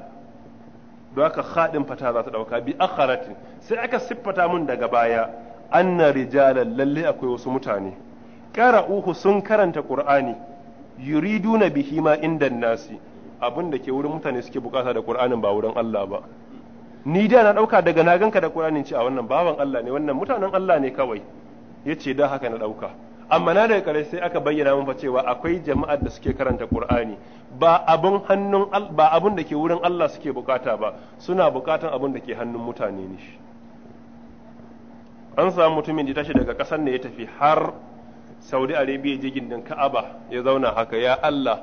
don haka khadin fata za ta dauka bi akharatin sai aka siffata mun daga baya anna rijalan lalle akwai wasu mutane uhu sun karanta qur'ani na bihi ma inda nasi abin da ke wurin mutane suke bukata da qur'anin ba wurin Allah ba ni da na ɗauka daga na ganka da qur'anin ce a wannan bawan Allah ne wannan mutanen Allah ne kawai yace da haka na ɗauka amma na daga ƙarshe sai aka bayyana mun fa cewa akwai jama'ar da suke karanta Qur'ani ba abun hannun ba abun da ke wurin Allah suke bukata ba suna bukatan abun da ke hannun mutane ne an samu mutumin da tashi daga ƙasar ne ya tafi har saudi arabia je gindin ka'aba ya zauna haka ya allah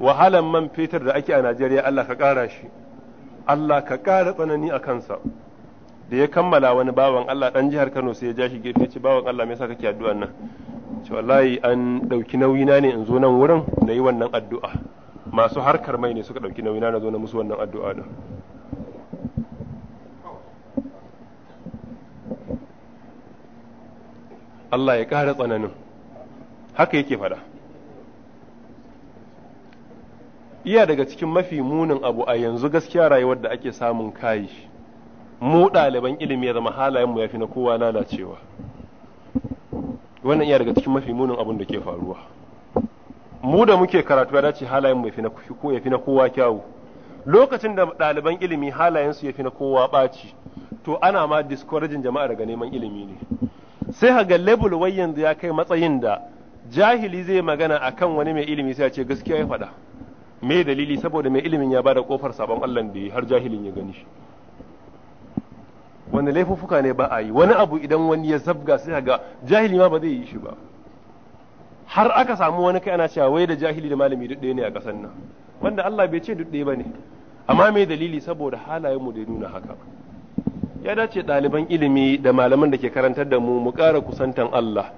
wahalan man fetur da ake a najeriya allah ka ƙara shi allah ka ƙara tsanani a kansa da ya kammala wani bawan allah ɗan jihar kano sai ya ja shi gefe ce bawan allah me yasa kake addu'an nan ce wallahi an ɗauki nauyina ne in zo nan wurin na yi wannan addu'a masu harkar mai ne suka ɗauki nauyina na zo na musu wannan addu'a da. Allah ya ƙara tsananin haka yake faɗa iya daga cikin mafi munin abu a yanzu gaskiya rayuwar da ake samun kayi mu ɗaliban ilimi ya zama halayenmu ya fi na kowa lalacewa wannan iya daga cikin mafi munin abun da ke faruwa mu da muke karatu ya dace halayenmu ya fi na kowa kyawu lokacin da ɗaliban ilimi halayensu ya fi na kowa ɓaci to ana ma discouraging jama'a daga neman ilimi ne sai ga level wai yanzu ya kai matsayin da jahili zai magana a kan wani mai ilimi sai ya ce gaskiya ya faɗa me dalili saboda mai ilimin ya bada kofar sabon allan da yi har jahilin ya gani shi wanda laifuffuka ne ba a yi wani abu idan wani ya zabga sai ga jahili ma ba zai yi shi ba har aka samu wani kai ana cewa wai da jahili da malami duk ɗaya ne a ƙasar nan wanda Allah bai ce duk ɗaya ba ne amma mai dalili saboda halayen mu da nuna haka ya dace ɗaliban ilimi da malaman da ke karantar da mu mu ƙara kusantan Allah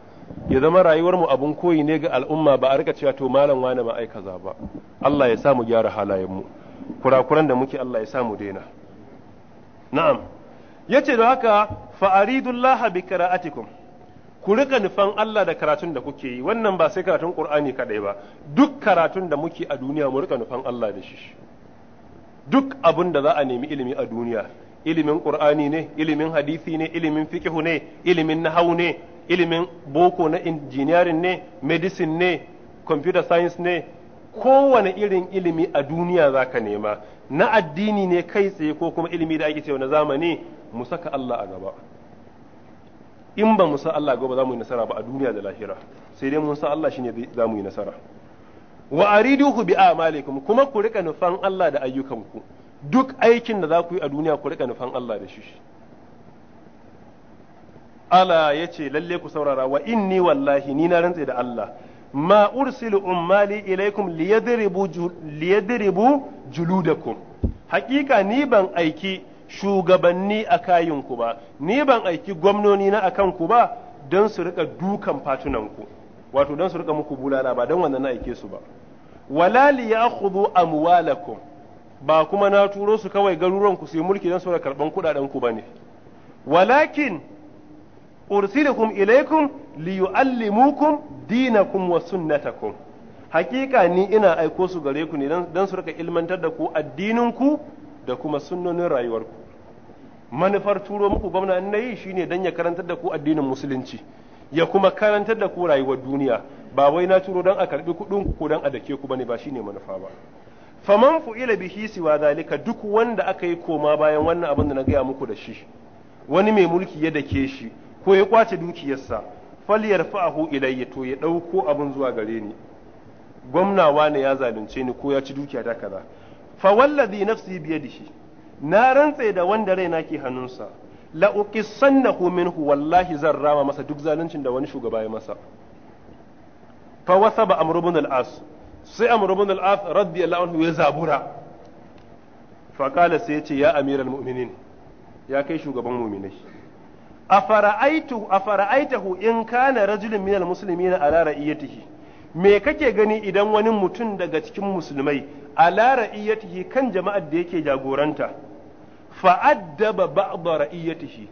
ya zama rayuwar mu abun koyi ne ga al'umma ba a rika cewa to malam wane ma aika za ba Allah ya sa gyara halayen mu kurakuran da muke Allah ya sa daina na'am yace da haka fa aridullaha bi qira'atikum ku rika nufan Allah da karatun da kuke yi wannan ba sai karatun Qur'ani kadai ba duk karatun da muke a duniya mu rika nufan Allah da shi duk abin da za a nemi ilimi a duniya ilimin Qur'ani ne ilimin hadisi ne ilimin fiqh ne ilimin nahawu ne ilimin boko na injiniyarin ne medicine ne computer science ne kowane irin ilimi a duniya za ka nema na addini ne kai tsaye ko kuma ilimi da ake cewa na zamani mu saka Allah a gaba in ba mu sa Allah gaba za mu yi nasara ba a duniya da lahira sai dai mun sa Allah shine za mu yi nasara wa duhu bi amalikum kuma ku rika nufan Allah da ayyukanku duk aikin da za ku yi a duniya ku rika nufan Allah da shi ala ce lalle ku saurara wa inni wallahi ni na rantse da Allah ma ursilu ummali ilaikum liyadribu liyadribu juludakum hakika ni ban aiki shugabanni a kayinku ba ni ban aiki gwamnoni na akan ku ba don su rika dukan fatunanku wato don su rika muku bulala ba don wannan na aike su ba wala li ya'khudhu amwalakum ba kuma na turo su kawai garuruwan ku su yi mulki don su karban kudaden ku bane walakin ursilukum ilaikum liyuallimukum dinakum wa sunnatakum hakika ni ina aiko su gare ku ne dan su rika ilmantar da ku addininku da kuma sunnonin rayuwarku manufar turo muku gwamna an nayi shine dan ya karantar da ku addinin musulunci ya kuma karantar da ku rayuwar duniya ba wai na turo dan a karbi kudin ku ko dan a dake ku bane ba shine manufa ba faman fu'ila bihi siwa zalika duk wanda aka yi koma bayan wannan abin da na gaya muku da shi wani mai mulki ya dake shi ko ya kwace dukiyarsa fa'ahu ilayya to ya ɗauko abin zuwa gare ni gwamnawa ne ya zalunce ni ko ya ci dukiya ta kaza fa wallazi nafsi biyadihi na rantse da wanda raina ke hannunsa la uqissannahu minhu wallahi zan rama masa duk zaluncin da wani shugaba ya masa fa wasaba amr al-as sai amr ibn al-as radiyallahu anhu ya zabura fa kala sai ya ce ya amiral mu'minin ya kai shugaban mu'minai afara'aitu afara'aitahu in kana rajulun minal muslimina ala ra'iyatihi me kake gani idan wani mutum daga cikin musulmai ala ra'iyatihi kan jama'ar da yake jagoranta fa'addaba ba'da ra'iyatihi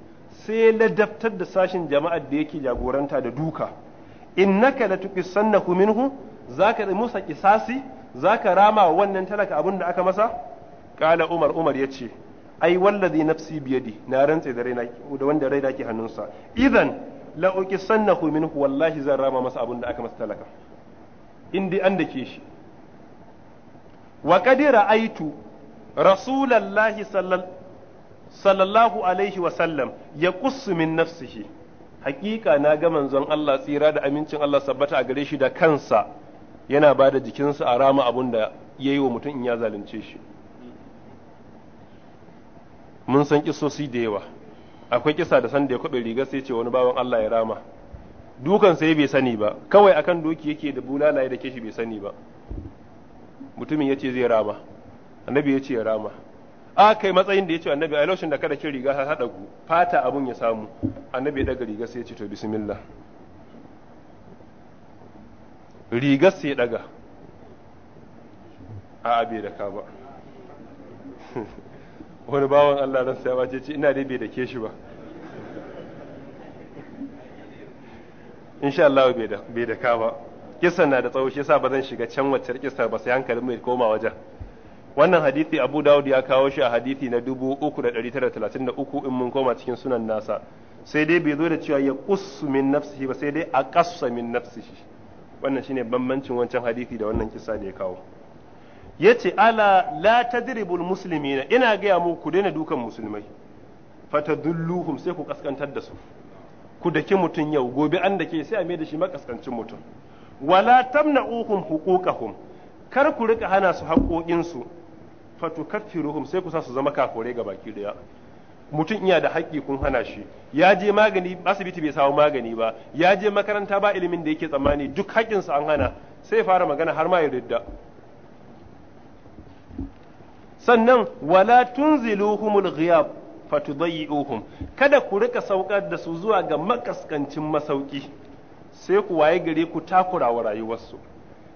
sai ladabtar da sashin jama'ar da yake jagoranta da duka innaka latuqisannahu minhu zaka musa kisasi zaka rama wannan talaka abin da aka masa qala umar umar yace ai wallazi nafsi biyadi na rantse da raina da ke hannunsa idan la sannahu minhu wallahi zan rama masa abin da aka masa talaka in dai an dake shi wa qad ra'aitu rasulallahi sallallahu alaihi wa sallam yaqussu min nafsihi hakika na ga manzon Allah tsira da amincin Allah sabbata a gare shi da kansa yana ba da jikinsa a rama abun da yi wa mutum in ya zalunce shi mun san kisosi da yawa akwai kisa da san da ya kwabe riga sai ce wani bawan Allah ya rama dukan sai bai sani ba kawai akan doki yake da bulalaye da ke shi bai sani ba mutumin ya ce zai rama annabi ya ce ya rama a kai matsayin da ya ce annabi a lokacin da kada kin riga ta dagu fata abun ya samu annabi ya daga riga sai ya ce to bismillah rigar sai ya daga a abe da ka ba wani bawan Allah ransa ya wace ce ina dai bai dake shi ba insha Allah bai da ka ba kisan na da tsawo shi yasa ba zan shiga can wacce kisa ba sai hankalin mai koma wajen wannan hadisi Abu Dawud ya kawo shi a hadisi na 3933 in mun koma cikin sunan nasa sai dai bai zo da cewa ya qussu min nafsihi ba sai dai a aqassa min nafsihi wannan shine bambancin wancan hadisi da wannan kisa da ya kawo yace ala la tadribul muslimina ina gaya mu ku daina dukan musulmai fatadulluhum sai ku kaskantar da su ku daki mutum yau gobe an dake sai a mai da shi makaskancin mutum wala tamna'uhum huquqahum kar ku rika hana su haƙoƙinsu kafiruhum sai ku sa su zama kafure ga baki daya mutum iya da haƙƙi kun hana shi ya je magani asibiti bai samu magani ba ya je makaranta ba ilimin da yake tsammani duk haƙƙinsa an hana sai fara magana har ma ya ridda sannan wala tunziluhumul ghiyab fatudayyuhum kada ku rika saukar da su zuwa ga makaskancin masauki sai ku waye gare ku takura wa rayuwarsu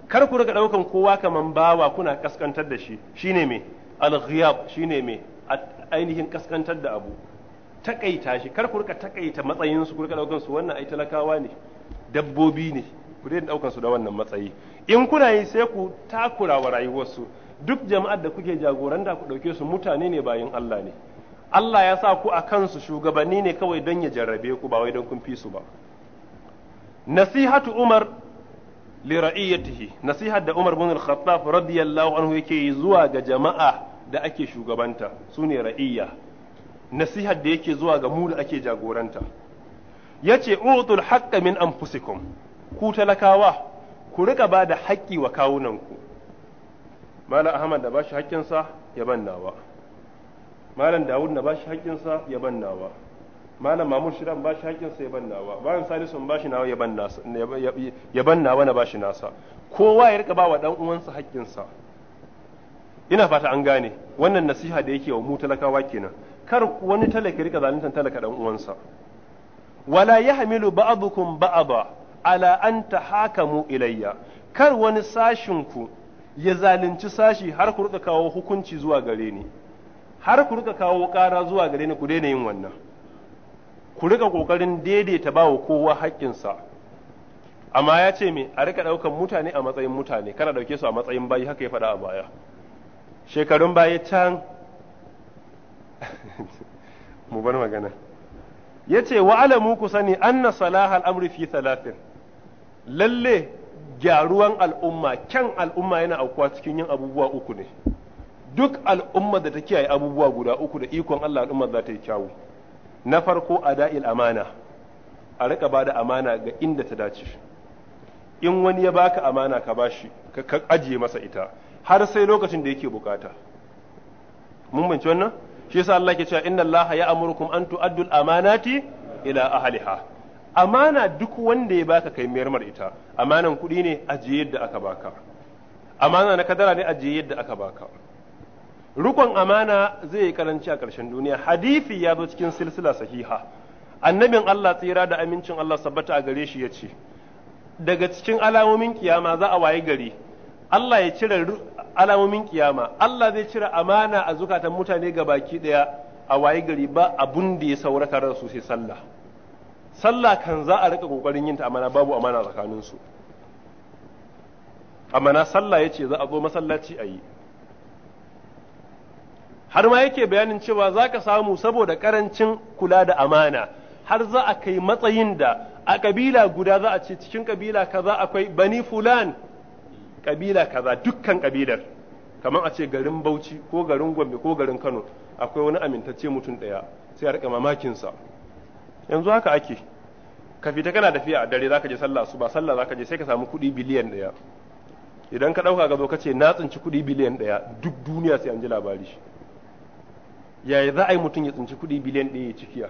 kar ku rika daukan kowa kaman bawa kuna kaskantar da shi shine me al-ghiyab shine me ainihin kaskantar da abu takaita shi kar ku rika takaita matsayin su ku rika daukan su wannan ai talakawa ne dabbobi ne ku daina daukan su da wannan matsayi in kuna yi sai ku takura wa rayuwarsu duk jama'ar da kuke jagoranta ku ɗauke su mutane ne bayan Allah ne Allah ya sa ku a kansu shugabanni ne kawai don ya jarrabe ku ba wai don kun fi su ba nasihatu umar li ra'iyatihi nasihat da umar bin al-khattab radiyallahu anhu yake yi zuwa ga jama'a da ake shugabanta sune ra'iyya nasihat da yake zuwa ga mu da ake jagoranta yace utul haqqi min anfusikum ku talakawa ku rika ba da haƙƙi wa kawunanku malam ahmad na bashi sa ya ban nawa malam dawud na bashi sa ya ban nawa malam mamur shiran bashi sa ya ban nawa bayan Salisu bashi nawa ya ban nasa ya ban nawa na bashi nasa kowa ya rika bawa dan uwansa sa. ina fata an gane wannan nasiha da yake wa mu talakawa kenan kar wani talaka rika zaluntar talaka dan uwansa wala yahmilu ba'dukum ba'da ala an tahakamu ilayya kar wani sashin ku ya zalunci sashi har ku rika kawo hukunci zuwa gare ni har ku rika kawo ƙara zuwa gare ni ku daina yin wannan ku rika ƙoƙarin daidaita ba wa kowa haƙƙinsa amma ya ce me a rika ɗaukan mutane a matsayin mutane kana ɗauke su a matsayin bayi haka ya faɗa a baya shekarun baya can mu bar magana ya ce wa alamu ku sani anna salahal amri fi talatin lalle gyaruwan al'umma kyan al'umma yana aukuwa cikin yin abubuwa uku ne duk al'umma da ta kiyaye abubuwa guda uku da ikon Allah al'umma za ta yi kyawu na farko a da'il amana a rika ba da amana ga inda ta dace in wani ya baka amana ka ba shi ka ajiye masa ita har sai lokacin da yake bukata mun bance wannan shi yasa Allah ke cewa inna Allah ya amurukum an tu'addul amanati ila ahliha amana duk wanda ya baka kai mayar ita amanan kuɗi ne ajiye yadda aka baka amana na kadara ne ajiye yadda aka baka rukon amana zai yi karanci a karshen duniya hadisi ya zo cikin silsila sahiha annabin Allah tsira da amincin Allah sabbata a gare shi ya ce daga cikin alamomin kiyama za a waye gari Allah ya cire alamomin kiyama Allah zai cire amana a zukatan mutane ga baki ɗaya a waye gari ba abun da ya sauraka da su sai sallah sallah kan za a rika kokarin yin ta amana babu amana tsakanin su amana sallah ce za a zo masallaci a yi har ma yake bayanin cewa za ka samu saboda karancin kula da amana har za a kai matsayin da a kabila guda za a ce cikin kabila kaza akwai bani fulan kabila kaza dukkan kabilar kamar a ce garin Bauchi ko garin Gombe ko garin Kano akwai wani amintacce mutum ɗaya sai a rika mamakinsa yanzu haka ake ka fita kana tafiya a dare zaka je sallah su ba sallah zaka je sai ka samu kuɗi biliyan ɗaya idan ka ɗauka ga zo ka ce na tsinci kuɗi biliyan ɗaya duk duniya sai an ji labari yaya za a yi mutum ya tsinci kuɗi biliyan ɗaya ya cikiya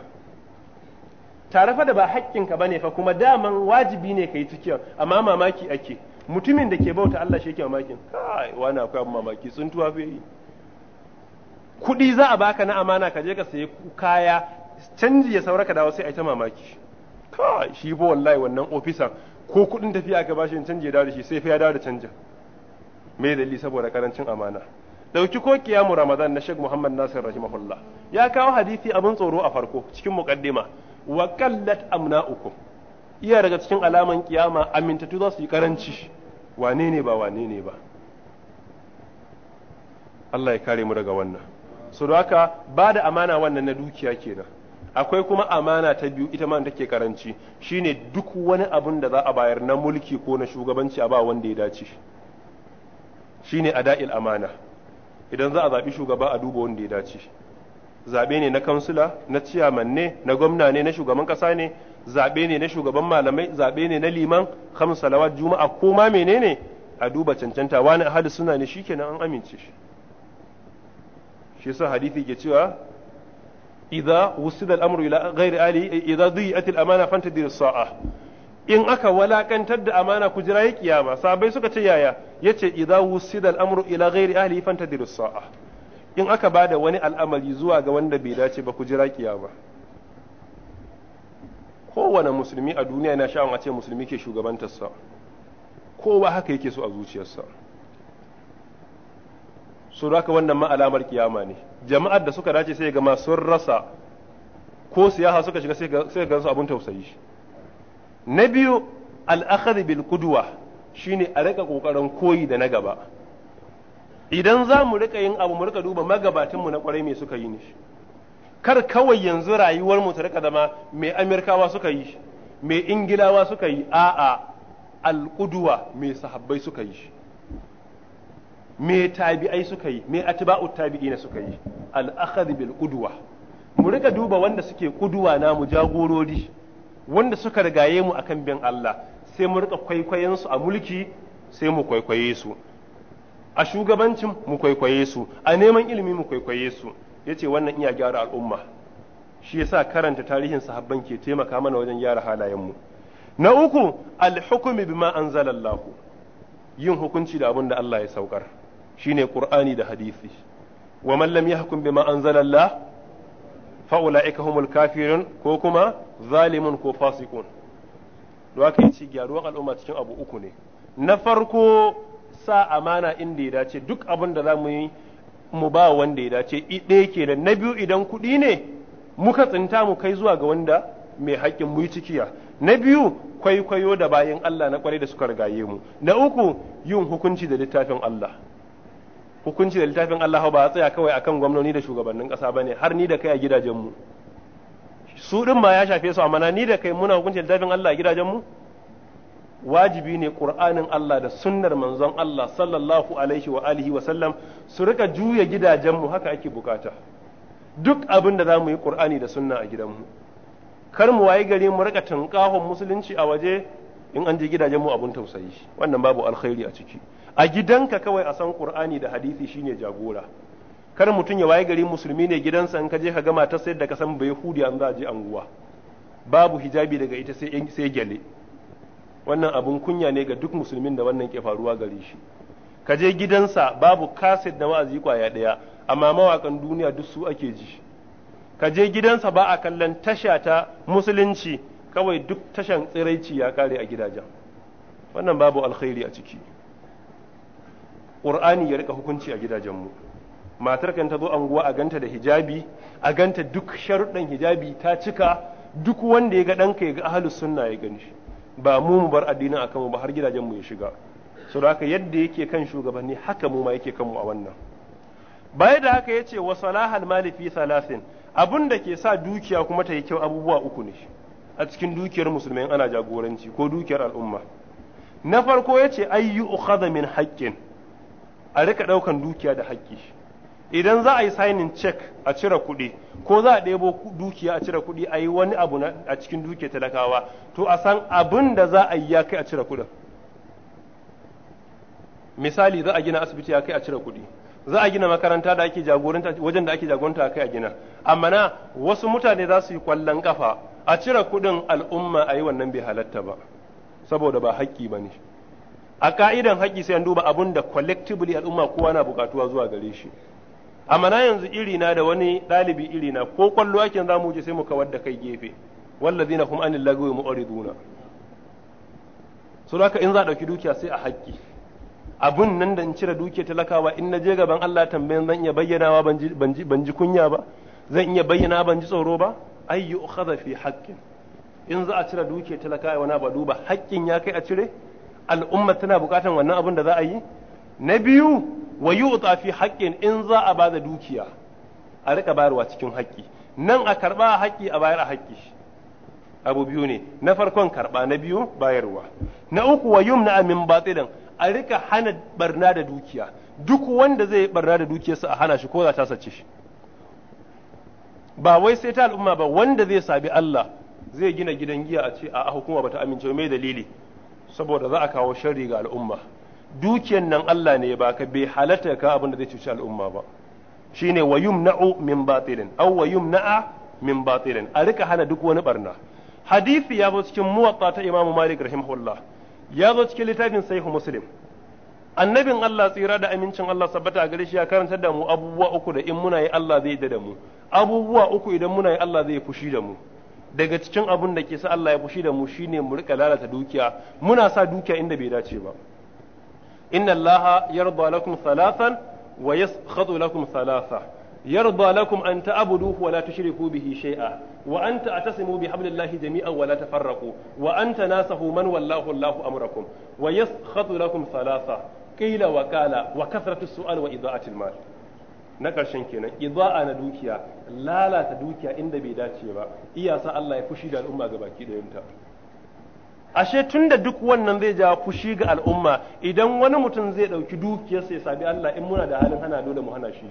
tare fa da ba hakkin haƙƙinka ne fa kuma daman wajibi ne ka yi cikiya amma mamaki ake mutumin da ke bauta Allah shi yake mamakin kai wani akwai mamaki sun tuwa kuɗi za a baka na amana ka je ka sayi kaya canji ya saura ka dawo sai a yi ta mamaki ka shi bo wallahi wannan ofisa ko kuɗin tafiya aka bashi in canji ya dawo shi sai fa ya dawo da canja me dalili saboda karancin amana dauki ko kiyamu ramadan na Sheikh Muhammad Nasir rahimahullah ya kawo hadisi abin tsoro a farko cikin muqaddima wa qallat amna'ukum iya daga cikin alaman kiyama amintatu za su yi karanci wane ne ba wane ne ba Allah ya kare mu daga wannan so da haka ba da amana wannan na dukiya kenan akwai kuma amana ta biyu ita ma take karanci shine duk wani abun da za a bayar na mulki ko na shugabanci a ba wanda ya dace shine ada'il amana idan za a zaɓi shugaba a duba wanda ya dace zaɓe ne na kansula na ciyaman ne na gwamna ne na shugaban ƙasa ne zaɓe ne na shugaban malamai zaɓe ne na liman kam salawat juma'a ko ma menene a duba cancanta wani ahli suna ne shikenan an amince shi shi yasa hadisi ke cewa idza wusida al-amru ila ghairi ali idza dhi'at al-amana fantadir as-sa'a in aka walakantar da amana ku jira yi kiyama sabai suka ce yaya yace idza wusida al-amru ila ghairi ahli fantadir as-sa'a in aka bada wani al'amari zuwa ga wanda bai dace ba ku jira kiyama kowane musulmi a duniya yana sha'awar a ce musulmi ke shugabantarsa kowa haka yake so a zuciyarsa su haka wannan ma alamar kiyama ne jama'ar da suka dace sai ga ma sun rasa ko siyaha suka shiga sai ga su abun tausayi na biyu al'akhadhi bil qudwa shine a rika kokarin koyi da na gaba idan za mu rika yin abu mu rika duba mu na kwarai me suka yi ne kar kawai yanzu rayuwar mu ta rika zama mai amirkawa suka yi me ingilawa suka yi a'a al qudwa me sahabbai suka yi me tabi'ai suka yi me atba'u tabi'ina suka yi al bil qudwa mu rika duba wanda suke kuduwa na mu jagorori wanda suka rigaye mu akan bin Allah sai mu rika kwaikwayen su a mulki sai mu kwaikwaye su a shugabancin mu kwaikwaye su a neman ilimi mu kwaikwaye su yace wannan iya gyara al'umma shi yasa karanta tarihin sahabban ke taimaka mana wajen gyara halayen mu na uku al bima bima anzalallahu yin hukunci da abin da Allah ya saukar shine qur'ani da hadisi wa man lam yahkum bima anzalallah fa ulaika humul kafirun ko kuma zalimun ko fasikun don haka gyaruwan al'umma cikin abu uku ne na farko sa amana inda ya dace duk abin da za mu yi mu ba wanda ya dace ɗaya kenan na biyu idan kuɗi ne muka tsinta mu kai zuwa ga wanda mai haƙƙin mu yi cikiya na biyu kwaikwayo da bayan Allah na kwarai da suka rigaye mu na uku yin hukunci da littafin Allah hukunci da littafin Allah ba a tsaya kawai akan gwamnoni da shugabannin ƙasa ba ne har ni da kai a gidajenmu su ɗin ma ya shafe su a mana ni da kai muna hukunci da littafin Allah a gidajenmu wajibi ne ƙur'anin Allah da sunnar manzon Allah sallallahu alaihi wa alihi wa sallam su rika juya gidajenmu haka ake bukata duk abin da za mu yi ƙur'ani da sunna a gidanmu kar mu wayi gari mu rika tunkahon musulunci a waje in an je gidajenmu abun tausayi wannan babu alkhairi a ciki a gidanka kawai a san qur'ani da hadisi shine jagora kar mutum ya waye gari musulmi ne gidansa in ka je ka gama ta sai da ka san bai yahudi an za a je anguwa babu hijabi daga ita sai sai gyale wannan abun kunya ne ga duk musulmin da wannan ke faruwa gare shi ka je gidansa babu kaset na wa'azi kwaya daya amma mawakan duniya duk su ake ji ka je gidansa ba a kallon tasha ta musulunci kawai duk tashan tsiraici ya kare a gidajen wannan babu alkhairi a ciki ƙur'ani ya rika hukunci a gidajenmu matar kan ta zo anguwa a ganta da hijabi a ganta duk sharuɗan hijabi ta cika duk wanda ya ga ɗanka ya ga ahlus sunna ya gani ba mu mu bar addinin a kanmu ba har gidajenmu ya shiga saboda haka yadda yake kan shugabanni haka mu ma yake kanmu a wannan baya da haka ya ce wasu mali fi salasin abun da ke sa dukiya kuma ta yi kyau abubuwa uku ne a cikin dukiyar musulmai ana jagoranci ko dukiyar al'umma na farko yace ayyu ukhadha min haqqin a rika ɗaukan dukiya da haƙƙi idan za a yi sainin cek a cire kuɗi ko za a ɗebo dukiya a cire kuɗi a yi wani abu a cikin dukiya talakawa to a san abin da za a yi ya kai a cire kuɗin misali za a gina asibiti ya kai a cire kuɗi za a gina makaranta da ake jagoranta wajen da ake jagoranta kai a gina amma na wasu mutane za su yi kwallon kafa a cire kuɗin al'umma a yi wannan bai halatta ba saboda ba haƙƙi ba ne a ka'idan haƙƙi sai an duba abun da collectively al'umma kowa na bukatuwa zuwa gare shi amma na yanzu iri na da wani ɗalibi iri na ko kwallo ake za mu je sai mu kawar da kai gefe wallazina hum anil lagwi mu'riduna da ka in za a ɗauki dukiya sai a haƙƙi abun nan da in cire dukiya talakawa in na je gaban Allah tambayan zan iya bayyanawa ban ji kunya ba zan iya bayyana ban ji tsoro ba ayyu ukhadha fi haqqin in za a cire dukiya talakawa wani ba duba haƙƙin ya kai a cire al'umma tana bukatan wannan abun da za a yi na biyu wa yu'ta fi haƙƙin in za a ba da dukiya a rika bayarwa cikin haƙƙi nan a a haƙƙi a bayar a haƙƙi abu biyu ne na farkon karɓa na biyu bayarwa na uku wa yumna min batilan a rika hana barna da dukiya duk wanda zai barna da dukiyarsa a hana shi ko za ta sace shi ba wai sai ta al'umma ba wanda zai sabi Allah zai gina gidan giya a ce a hukuma bata amince mai dalili saboda za a kawo sharri ga al'umma dukiyan nan Allah ne ba ka bai halatta ka abin da zai cuci al'umma ba shine wa yumna'u min batilin aw wa yumna'a min batilin a rika hana duk wani barna hadisi ya zo cikin muwatta ta Imam Malik rahimahullah ya zo cikin littafin Sahih Muslim annabin Allah tsira da amincin Allah sabbata a gare shi ya karanta da mu abubuwa uku da in muna yi Allah zai da mu abubuwa uku idan muna yi Allah zai fushi da mu daga cikin abun da ke sa Allah ya fushi da mu shine mu rika lalata dukiya muna sa dukiya inda bai dace ba inna allaha yarda lakum salasan wa yaskhadu lakum salasa yarda lakum an ta'buduhu wa la tushriku bihi shay'a wa an ta'tasimu bihablillahi jami'an wa la tafarraqu wa an tanasahu man wallahu allahu amrakum wa yaskhadu lakum salasa qila wa qala wa kathratu su'al wa ida'atil mal na karshen kenan ida'a na dukiya lalata dukiya inda bai dace ba iya Allah ya fushi da al'umma ga baki ɗayanta ashe tunda duk wannan zai ja fushi ga al'umma idan wani mutum zai ɗauki dukiyarsa ya sabi Allah in muna da halin hana dole mu hana shi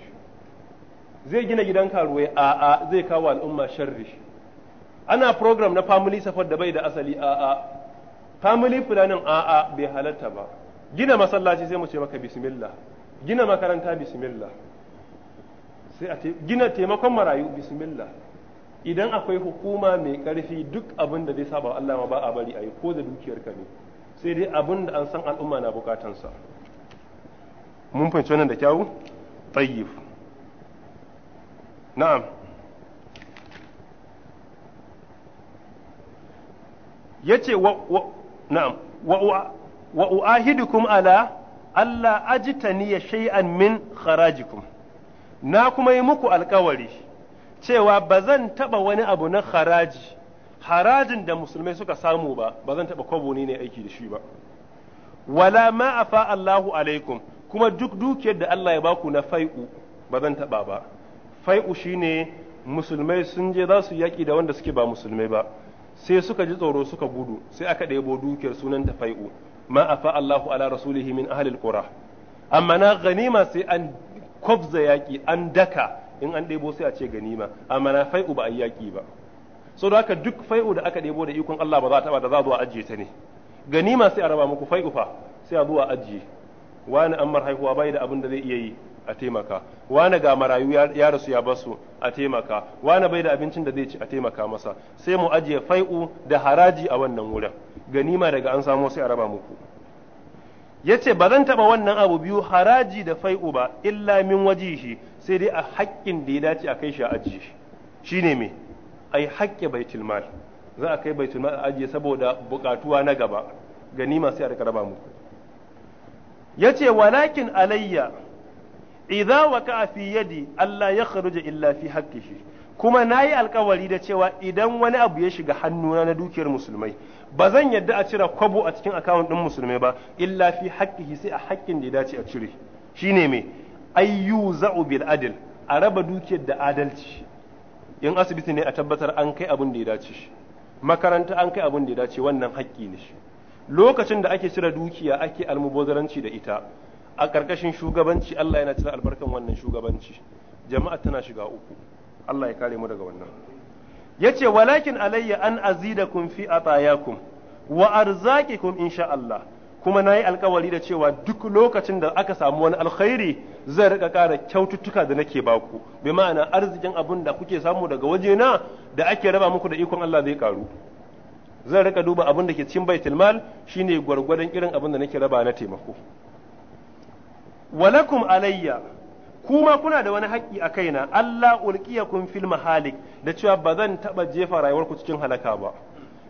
zai gina gidan karuwai a'a zai kawo al'umma sharri ana program na family safar da bai da asali a'a family planning a'a bai halatta ba gina masallaci sai mu ce maka bismillah gina makaranta bismillah sai a gina taimakon marayu bismillah idan akwai hukuma mai karfi duk abin da zai saba Allah ma ba a bari a yi ko da dukiyar ka ne sai dai abin da an san al'umma na bukatansa mun fahimci wannan da kyawu tayyib na'am yace wa na'am wa wa uahidukum ala alla ajtaniya shay'an min kharajikum na kuma yi muku alkawari cewa ba zan taɓa wani abu na haraji harajin da musulmai suka samu ba ba zan taɓa kwabo ne aiki da shi ba wala ma afa Allahu alaikum kuma duk dukiyar da Allah ya baku na fai'u ba zan taɓa ba fai'u shine musulmai sun je za su yaƙi da wanda suke ba musulmai ba sai suka ji tsoro suka gudu sai aka ɗebo dukiyar sunan ta fai'u ma afa Allahu ala rasulihi min ahlil qura amma na ganima sai an kwabza yaƙi an daka in an ɗebo sai a ce ganima amma na fai'u ba a yaƙi ba so da haka duk fai'u da aka ɗebo da ikon Allah ba za ta da za zuwa ajiye ta ne ganima sai a raba muku fai'u fa sai a zuwa ajiye wani an mar haihuwa bai da abin da zai iya yi a taimaka wani ga marayu ya rasu ya basu a taimaka wani bai da abincin da zai ci a taimaka masa sai mu ajiye fai'u da haraji a wannan wurin ganima daga an samo sai a raba muku yace ba zan taba wannan abu biyu haraji da fai'u ba illa min wajihi sai dai a haƙƙin da ya dace a kai shi a ajiye shi shine me ai haƙƙi baitul mal za a kai baitul mal a ajiye saboda buƙatuwa na gaba ganima sai a rika raba yace walakin alayya idza waka fi yadi Allah ya illa fi haqqihi kuma nayi alkawari da cewa idan wani abu ya shiga hannuna na dukiyar musulmai ba zan yadda a cire kwabo a cikin akawun ɗin musulmi ba illa fi haƙƙihi sai a haƙƙin da ya dace a cire shine me ayyu za'u bil adil a raba dukiyar da adalci in asibiti ne a tabbatar an kai abin da ya dace makaranta an kai abin da ya dace wannan haƙƙi ne shi lokacin da ake cire dukiya ake almubazaranci da ita a ƙarƙashin shugabanci Allah yana cire albarkan wannan shugabanci jama'a tana shiga uku Allah ya kare mu daga wannan yace walakin alayya an azidakum fi atayakum wa arzaqikum insha Allah kuma nayi alkawari da cewa duk lokacin da aka samu wani alkhairi zai rika ƙara kyaututtuka da nake baku bi ma'ana arzikin abun da kuke samu daga wajena da ake raba muku da ikon Allah zai karu Zai rika duba abin da ke cikin baitul mal shine gwargwadon irin abin da nake raba na taimako walakum alayya kuma kuna da wani haƙƙi a kaina Allah ulqiyakum fil mahalik da cewa ba zan taɓa jefa rayuwarku cikin halaka ba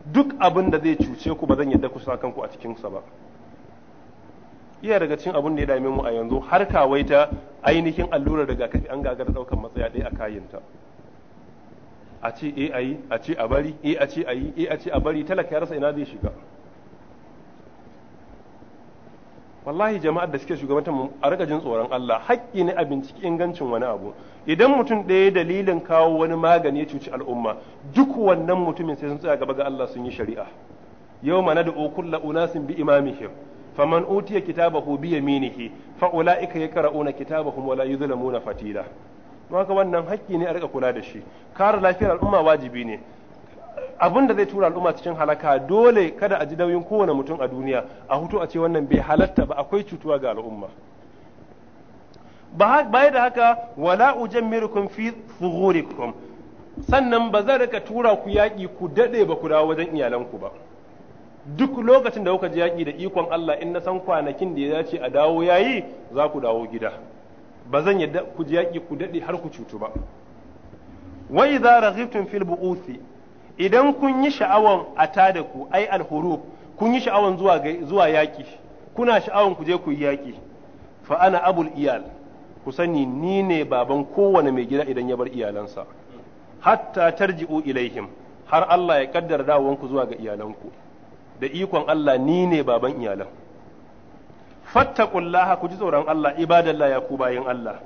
duk abin da zai cuce ku ba zan yadda ku sa kanku a cikin sa ba iya daga cikin abin da ya dame mu a yanzu har kawai ta ainihin allurar kafi an gagar daukan matsaya ɗaya a kayinta a ce eh ayi a ce a bari eh a ce ayi eh a ce a bari talaka ya rasa ina zai shiga wallahi jama'ar da suke shugabantar mu a rika jin tsoron Allah haƙƙi ne a binciki ingancin wani abu idan mutum ɗaya dalilin kawo wani magani ya cuci al'umma duk wannan mutumin sai sun tsaya gaba ga Allah sun yi shari'a yau mana da okulla unasin bi imamihim faman utiya kitabahu bi yaminihi fa ulaika yaqra'una kitabahum wa la yuzlamuna fatila haka wannan haƙƙi ne a rika kula da shi kare lafiyar al'umma wajibi ne abin da zai tura al'umma cikin halaka dole kada a ji nauyin kowane mutum a duniya a hutu a ce wannan bai halatta ba akwai cutuwa ga al'umma baya da haka wala ujammirukum fi thughurikum sannan ba zan rika tura ku yaƙi ku daɗe ba ku dawo wajen iyalanku ba duk lokacin da kuka ji yaƙi da ikon Allah in na san kwanakin da ya dace a dawo yayi za ku dawo gida ba zan yadda ku ji yaƙi ku daɗe har ku cutu ba wa idza raghibtum fil bu'uthi idan kun yi sha'awan a tada ku ai alhuru kun yi sha'awan zuwa yaƙi yaki kuna sha'awan ku je ku yi yaki fa ana abul iyal ku sani ni ne baban kowane mai gida idan ya bar iyalansa hatta tarji'u ilaihim har Allah ya kaddara ku zuwa ga iyalanku da ikon Allah ni ne baban iyalan fattaqullaha ku ji tsoron Allah ibadallah ya ku bayin Allah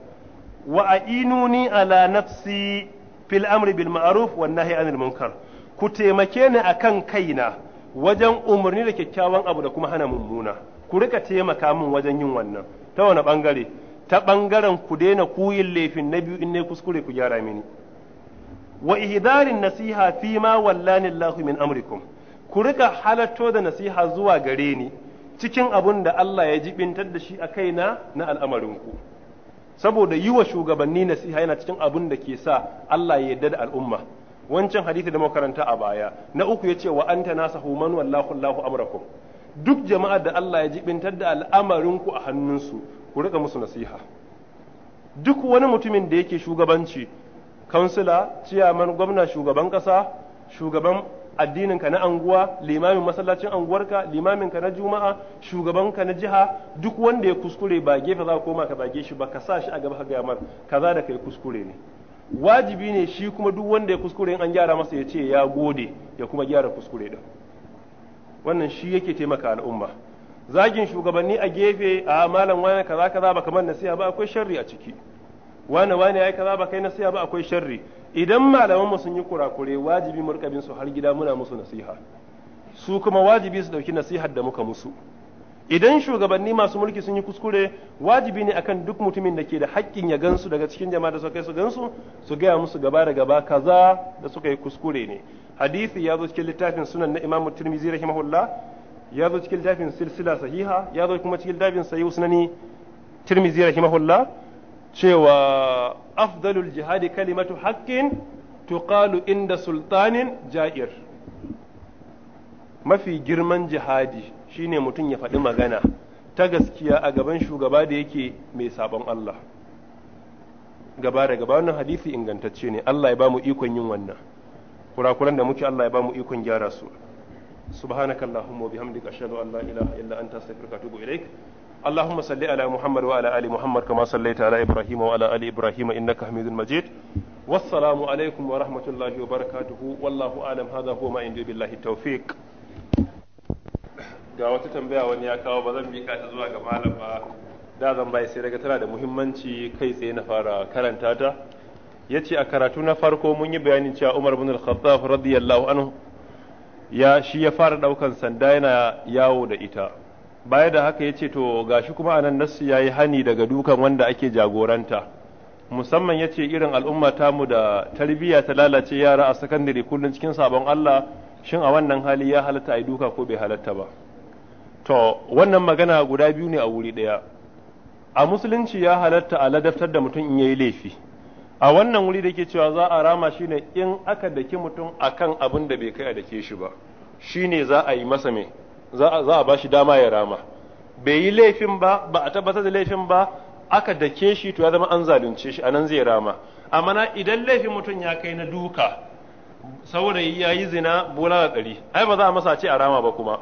wa a'inuni ala nafsi fil amri bil ma'ruf wan nahyi anil munkar ku taimake ni a kan kaina wajen umarni da kyakkyawan abu da kuma hana mummuna ku rika taimaka min wajen yin wannan ta wani bangare ta bangaren ku daina kuyin laifin na biyu in ne kuskure ku gyara mini wa ihdarin nasiha fi ma wallani Allahu min amrikum ku rika halatto da nasiha zuwa gare ni cikin abun da Allah ya jibintar da shi a kaina na al'amarin ku saboda yi wa shugabanni nasiha yana cikin abun da ke sa Allah ya yarda da al'umma wancan hadisi da makaranta a baya na uku yace wa anta nasahu man wallahu Allahu amrakum duk jama'ar da Allah ya jibintar da al'amarin ku a hannunsu ku rika musu nasiha duk wani mutumin da yake shugabanci kansila ciyaman gwamna shugaban kasa shugaban addininka na anguwa limamin masallacin anguwarka ka na juma'a shugaban ka na jiha duk wanda ya kuskure ba gefe za ka koma ka bage shi ba ka sa shi a gaba ka gaya kaza da kai kuskure ne wajibi ne shi kuma duk wanda ya kuskure in an gyara masa ya ce ya gode ya kuma gyara kuskure din wannan shi yake taimaka al'umma zagin shugabanni a gefe a malam wani kaza kaza ba kamar nasiha ba akwai sharri a ciki wani wani yi kaza ba kai nasiha ba akwai sharri idan malaman mu sun yi kurakure wajibi mu rika su har gida muna musu nasiha su kuma wajibi su dauki nasihar da muka musu idan shugabanni masu mulki sun yi kuskure wajibi ne akan duk mutumin da ke da haƙƙin ya gansu daga cikin jama'a da suka su gansu su gaya musu gaba da gaba kaza da suka yi kuskure ne hadisi ya zo cikin littafin sunan na imamu tirmizi rahimahullah ya zo cikin littafin silsila sahiha ya zo kuma cikin littafin sahihu sunani tirmizi rahimahullah cewa afdalul jihadi kalimatu haqqin tuqalu inda sultanin ja'ir mafi girman jihadi ne mutum ya faɗi magana ta gaskiya a gaban shugaba da yake mai sabon Allah gaba da gaba wannan hadisi ingantacce ne Allah ya bamu ikon yin wannan kurakuran da muke Allah ya bamu ikon gyara su subhanakallahumma bihamdika ashhadu an la ilaha illa anta astaghfiruka wa atubu ilaik اللهم صل على محمد وعلى ال محمد كما صليت على ابراهيم وعلى ال ابراهيم انك حميد مجيد والسلام عليكم ورحمه الله وبركاته والله اعلم هذا هو ما عندي بالله التوفيق ga wata tambaya wani ya kawo ba zan mika ta zuwa ga malam ba da zan bai sai daga tana da muhimmanci kai tsaye na fara karanta ta yace a karatu na farko mun yi bayanin cewa Umar bin al-Khattab radiyallahu anhu ya shi ya fara daukan sanda yana yawo da ita baya da haka yace to gashi kuma anan nasu yayi hani daga dukan wanda ake jagoranta musamman ya ce irin al'umma mu da tarbiyya ta lalace yara a sakandare kullum cikin sabon Allah shin a wannan hali ya halatta a duka ko bai halatta ba to wannan magana guda biyu ne a wuri ɗaya a musulunci ya halatta a ladabtar da mutum in ya yi laifi a wannan wuri da ke cewa za a rama shi ne in aka daki mutum akan abin da bai kai a dake shi ba shi ne za a yi masa me za a ba shi dama ya rama bai yi laifin ba ba a tabbatar da laifin ba aka dake shi to ya zama an zalunce shi anan zai rama amma na idan laifin mutum ya kai na duka saboda ya yi zina bola da ɗari ai ba za a masa ce a rama ba kuma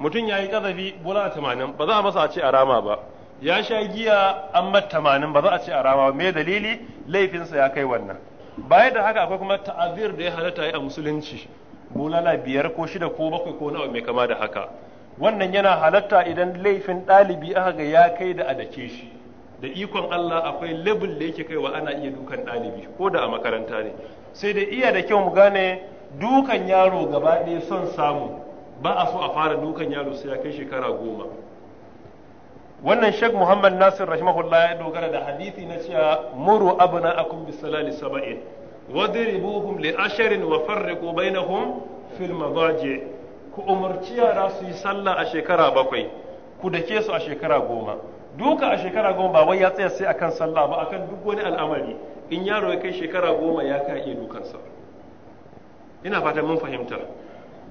mutum ya yi ƙazafi bula tamanin ba za a masa a ce a rama ba ya sha giya an mat tamanin ba za a ce a rama me dalili laifinsa ya kai wannan baya da haka akwai kuma ta'azir da ya halatta yi a musulunci bulala biyar ko shida ko bakwai ko nawa mai kama da haka wannan yana halatta idan laifin ɗalibi aka ga ya kai da adake shi da ikon Allah akwai lebul da yake kaiwa ana iya dukan ɗalibi ko da a makaranta ne sai da iya da kyau mu gane dukan yaro gaba ɗaya son samu ba a so a fara dukan yaro sai ya kai shekara goma wannan sheikh muhammad nasir rahimahullah ya dogara da hadithi na cewa muru abna akum bisalali saba'in wadribuhum li asharin wa farriqu bainahum fil madaji ku umarci yara su yi sallah a shekara bakwai ku dake su a shekara goma duka a shekara goma ba wai ya tsaya sai akan sallah ba akan duk wani al'amari in yaro ya kai shekara goma ya ka iya dukansa ina fatan mun fahimta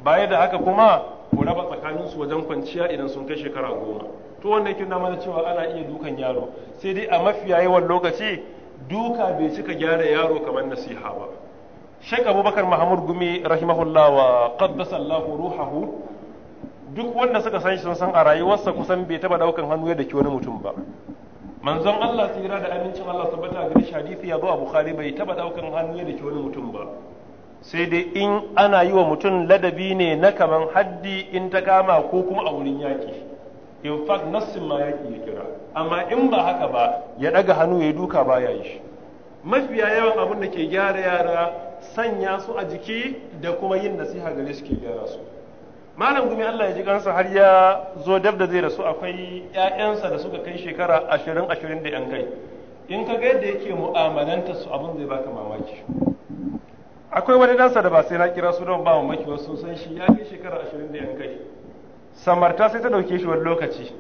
baya da haka kuma ku raba tsakanin su wajen kwanciya idan sun kai shekara goma to wanda yake na mana cewa ana iya dukan yaro sai dai a mafiya yawan lokaci duka bai cika gyara yaro kamar nasiha ba Sheikh Abubakar Muhammad Gumi rahimahullah wa qaddasallahu ruhahu duk wanda suka san shi sun san a rayuwarsa kusan bai taba daukan hannu yadda ke wani mutum ba manzon Allah tsira da amincin Allah tabbata ga shi hadisi ya zo a Bukhari bai taba daukan hannu yadda ke wani mutum ba sai dai in ana yi wa mutum ladabi ne na kaman haddi in ta kama ko kuma a wurin yaƙi in fact nassin ma yaƙi ya kira amma in ba haka ba ya ɗaga hannu ya duka ba ya yi mafiya yawan abin da ke gyara yara sanya su a jiki da kuma yin nasiha gare su ke gyara su malam gumi Allah ya ji kansa har ya zo dab da zai rasu akwai ƴaƴansa da suka kai shekara ashirin ashirin da yan kai in ka ga yadda yake mu'amalanta su abin zai baka mamaki akwai wani dansa da ba sai na kira su don ba mamaki wasu san shi ya kai shekara ashirin da yan kai samarta sai ta ɗauke shi wani lokaci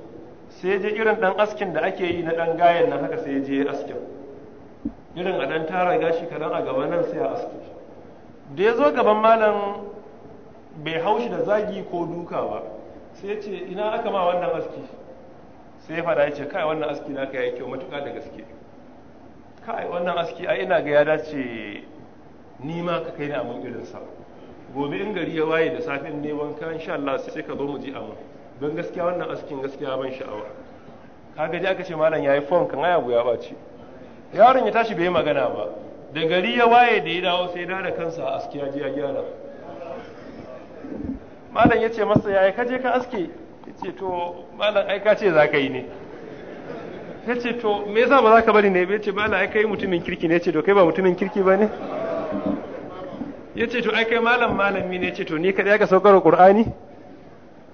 sai je irin ɗan askin da ake yi na ɗan gayen nan haka sai je askin irin a dan tara gashi kaɗan a gaban nan sai a aski. da ya zo gaban malam bai haushi da zagi ko duka ba sai ya ce ina aka ma wannan aski sai ya fada ya ce kai wannan aski na ka yi kyau matuƙa da gaske kai wannan aski ai ina ga ya dace ni ma ka kai ni a mun irin sa gobe in gari ya waye da safe in ne wanka insha Allah sai ka zo mu ji mun. don gaskiya wannan askin gaskiya ban sha'awa kaga gaji aka ce malam yayi fon kan aya ya ce. yaron ya tashi bai magana ba da gari ya waye da ya dawo sai da da kansa a aski ya je ya gyara malam ya ce masa yaya kaje ka aske yace to malam ai ka ce za ka yi ne ya ce to me yasa ba za ka bari ne ya ce malam ai kai mutumin kirki ne ya ce to kai ba mutumin kirki ba ne ya ce to ai kai malam malami ne ce to ni kaɗai aka saukar qur'ani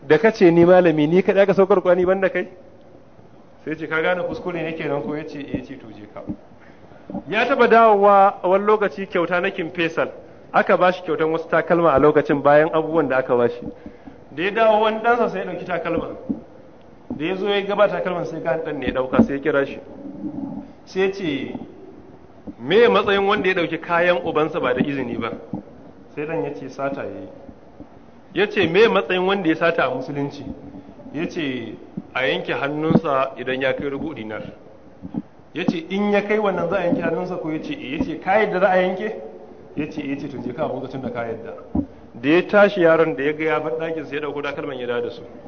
da ka ce ni malami ni kaɗai aka saukar qur'ani banda kai sai ce ka gane kuskure ne kenan ko ya ce eh ce to je ka ya taba dawowa a wani lokaci kyauta na kin fesal aka ba shi kyautan wasu takalma a lokacin bayan abubuwan da aka ba shi da ya dawo wani ɗansa sai ya ɗauki takalma da ya zo ya gaba takalman sai ga ɗan ne ya ɗauka sai ya kira shi sai ce me matsayin wanda ya ɗauki kayan ubansa ba da izini ba sai dan ya ce sata ya yi ya ce me matsayin wanda ya sata a musulunci ya ce a yanke hannunsa idan ya kai rubu dinar ya ce in ya kai wannan za a yanke hannunsa ko ya ce eh? ya ce ka yadda za a yanke ya ce eh, ya ce to je ka abokacin da ka yadda da ya tashi yaron da ya ga ya bar ɗakin sai ya ɗauko takalman ya da su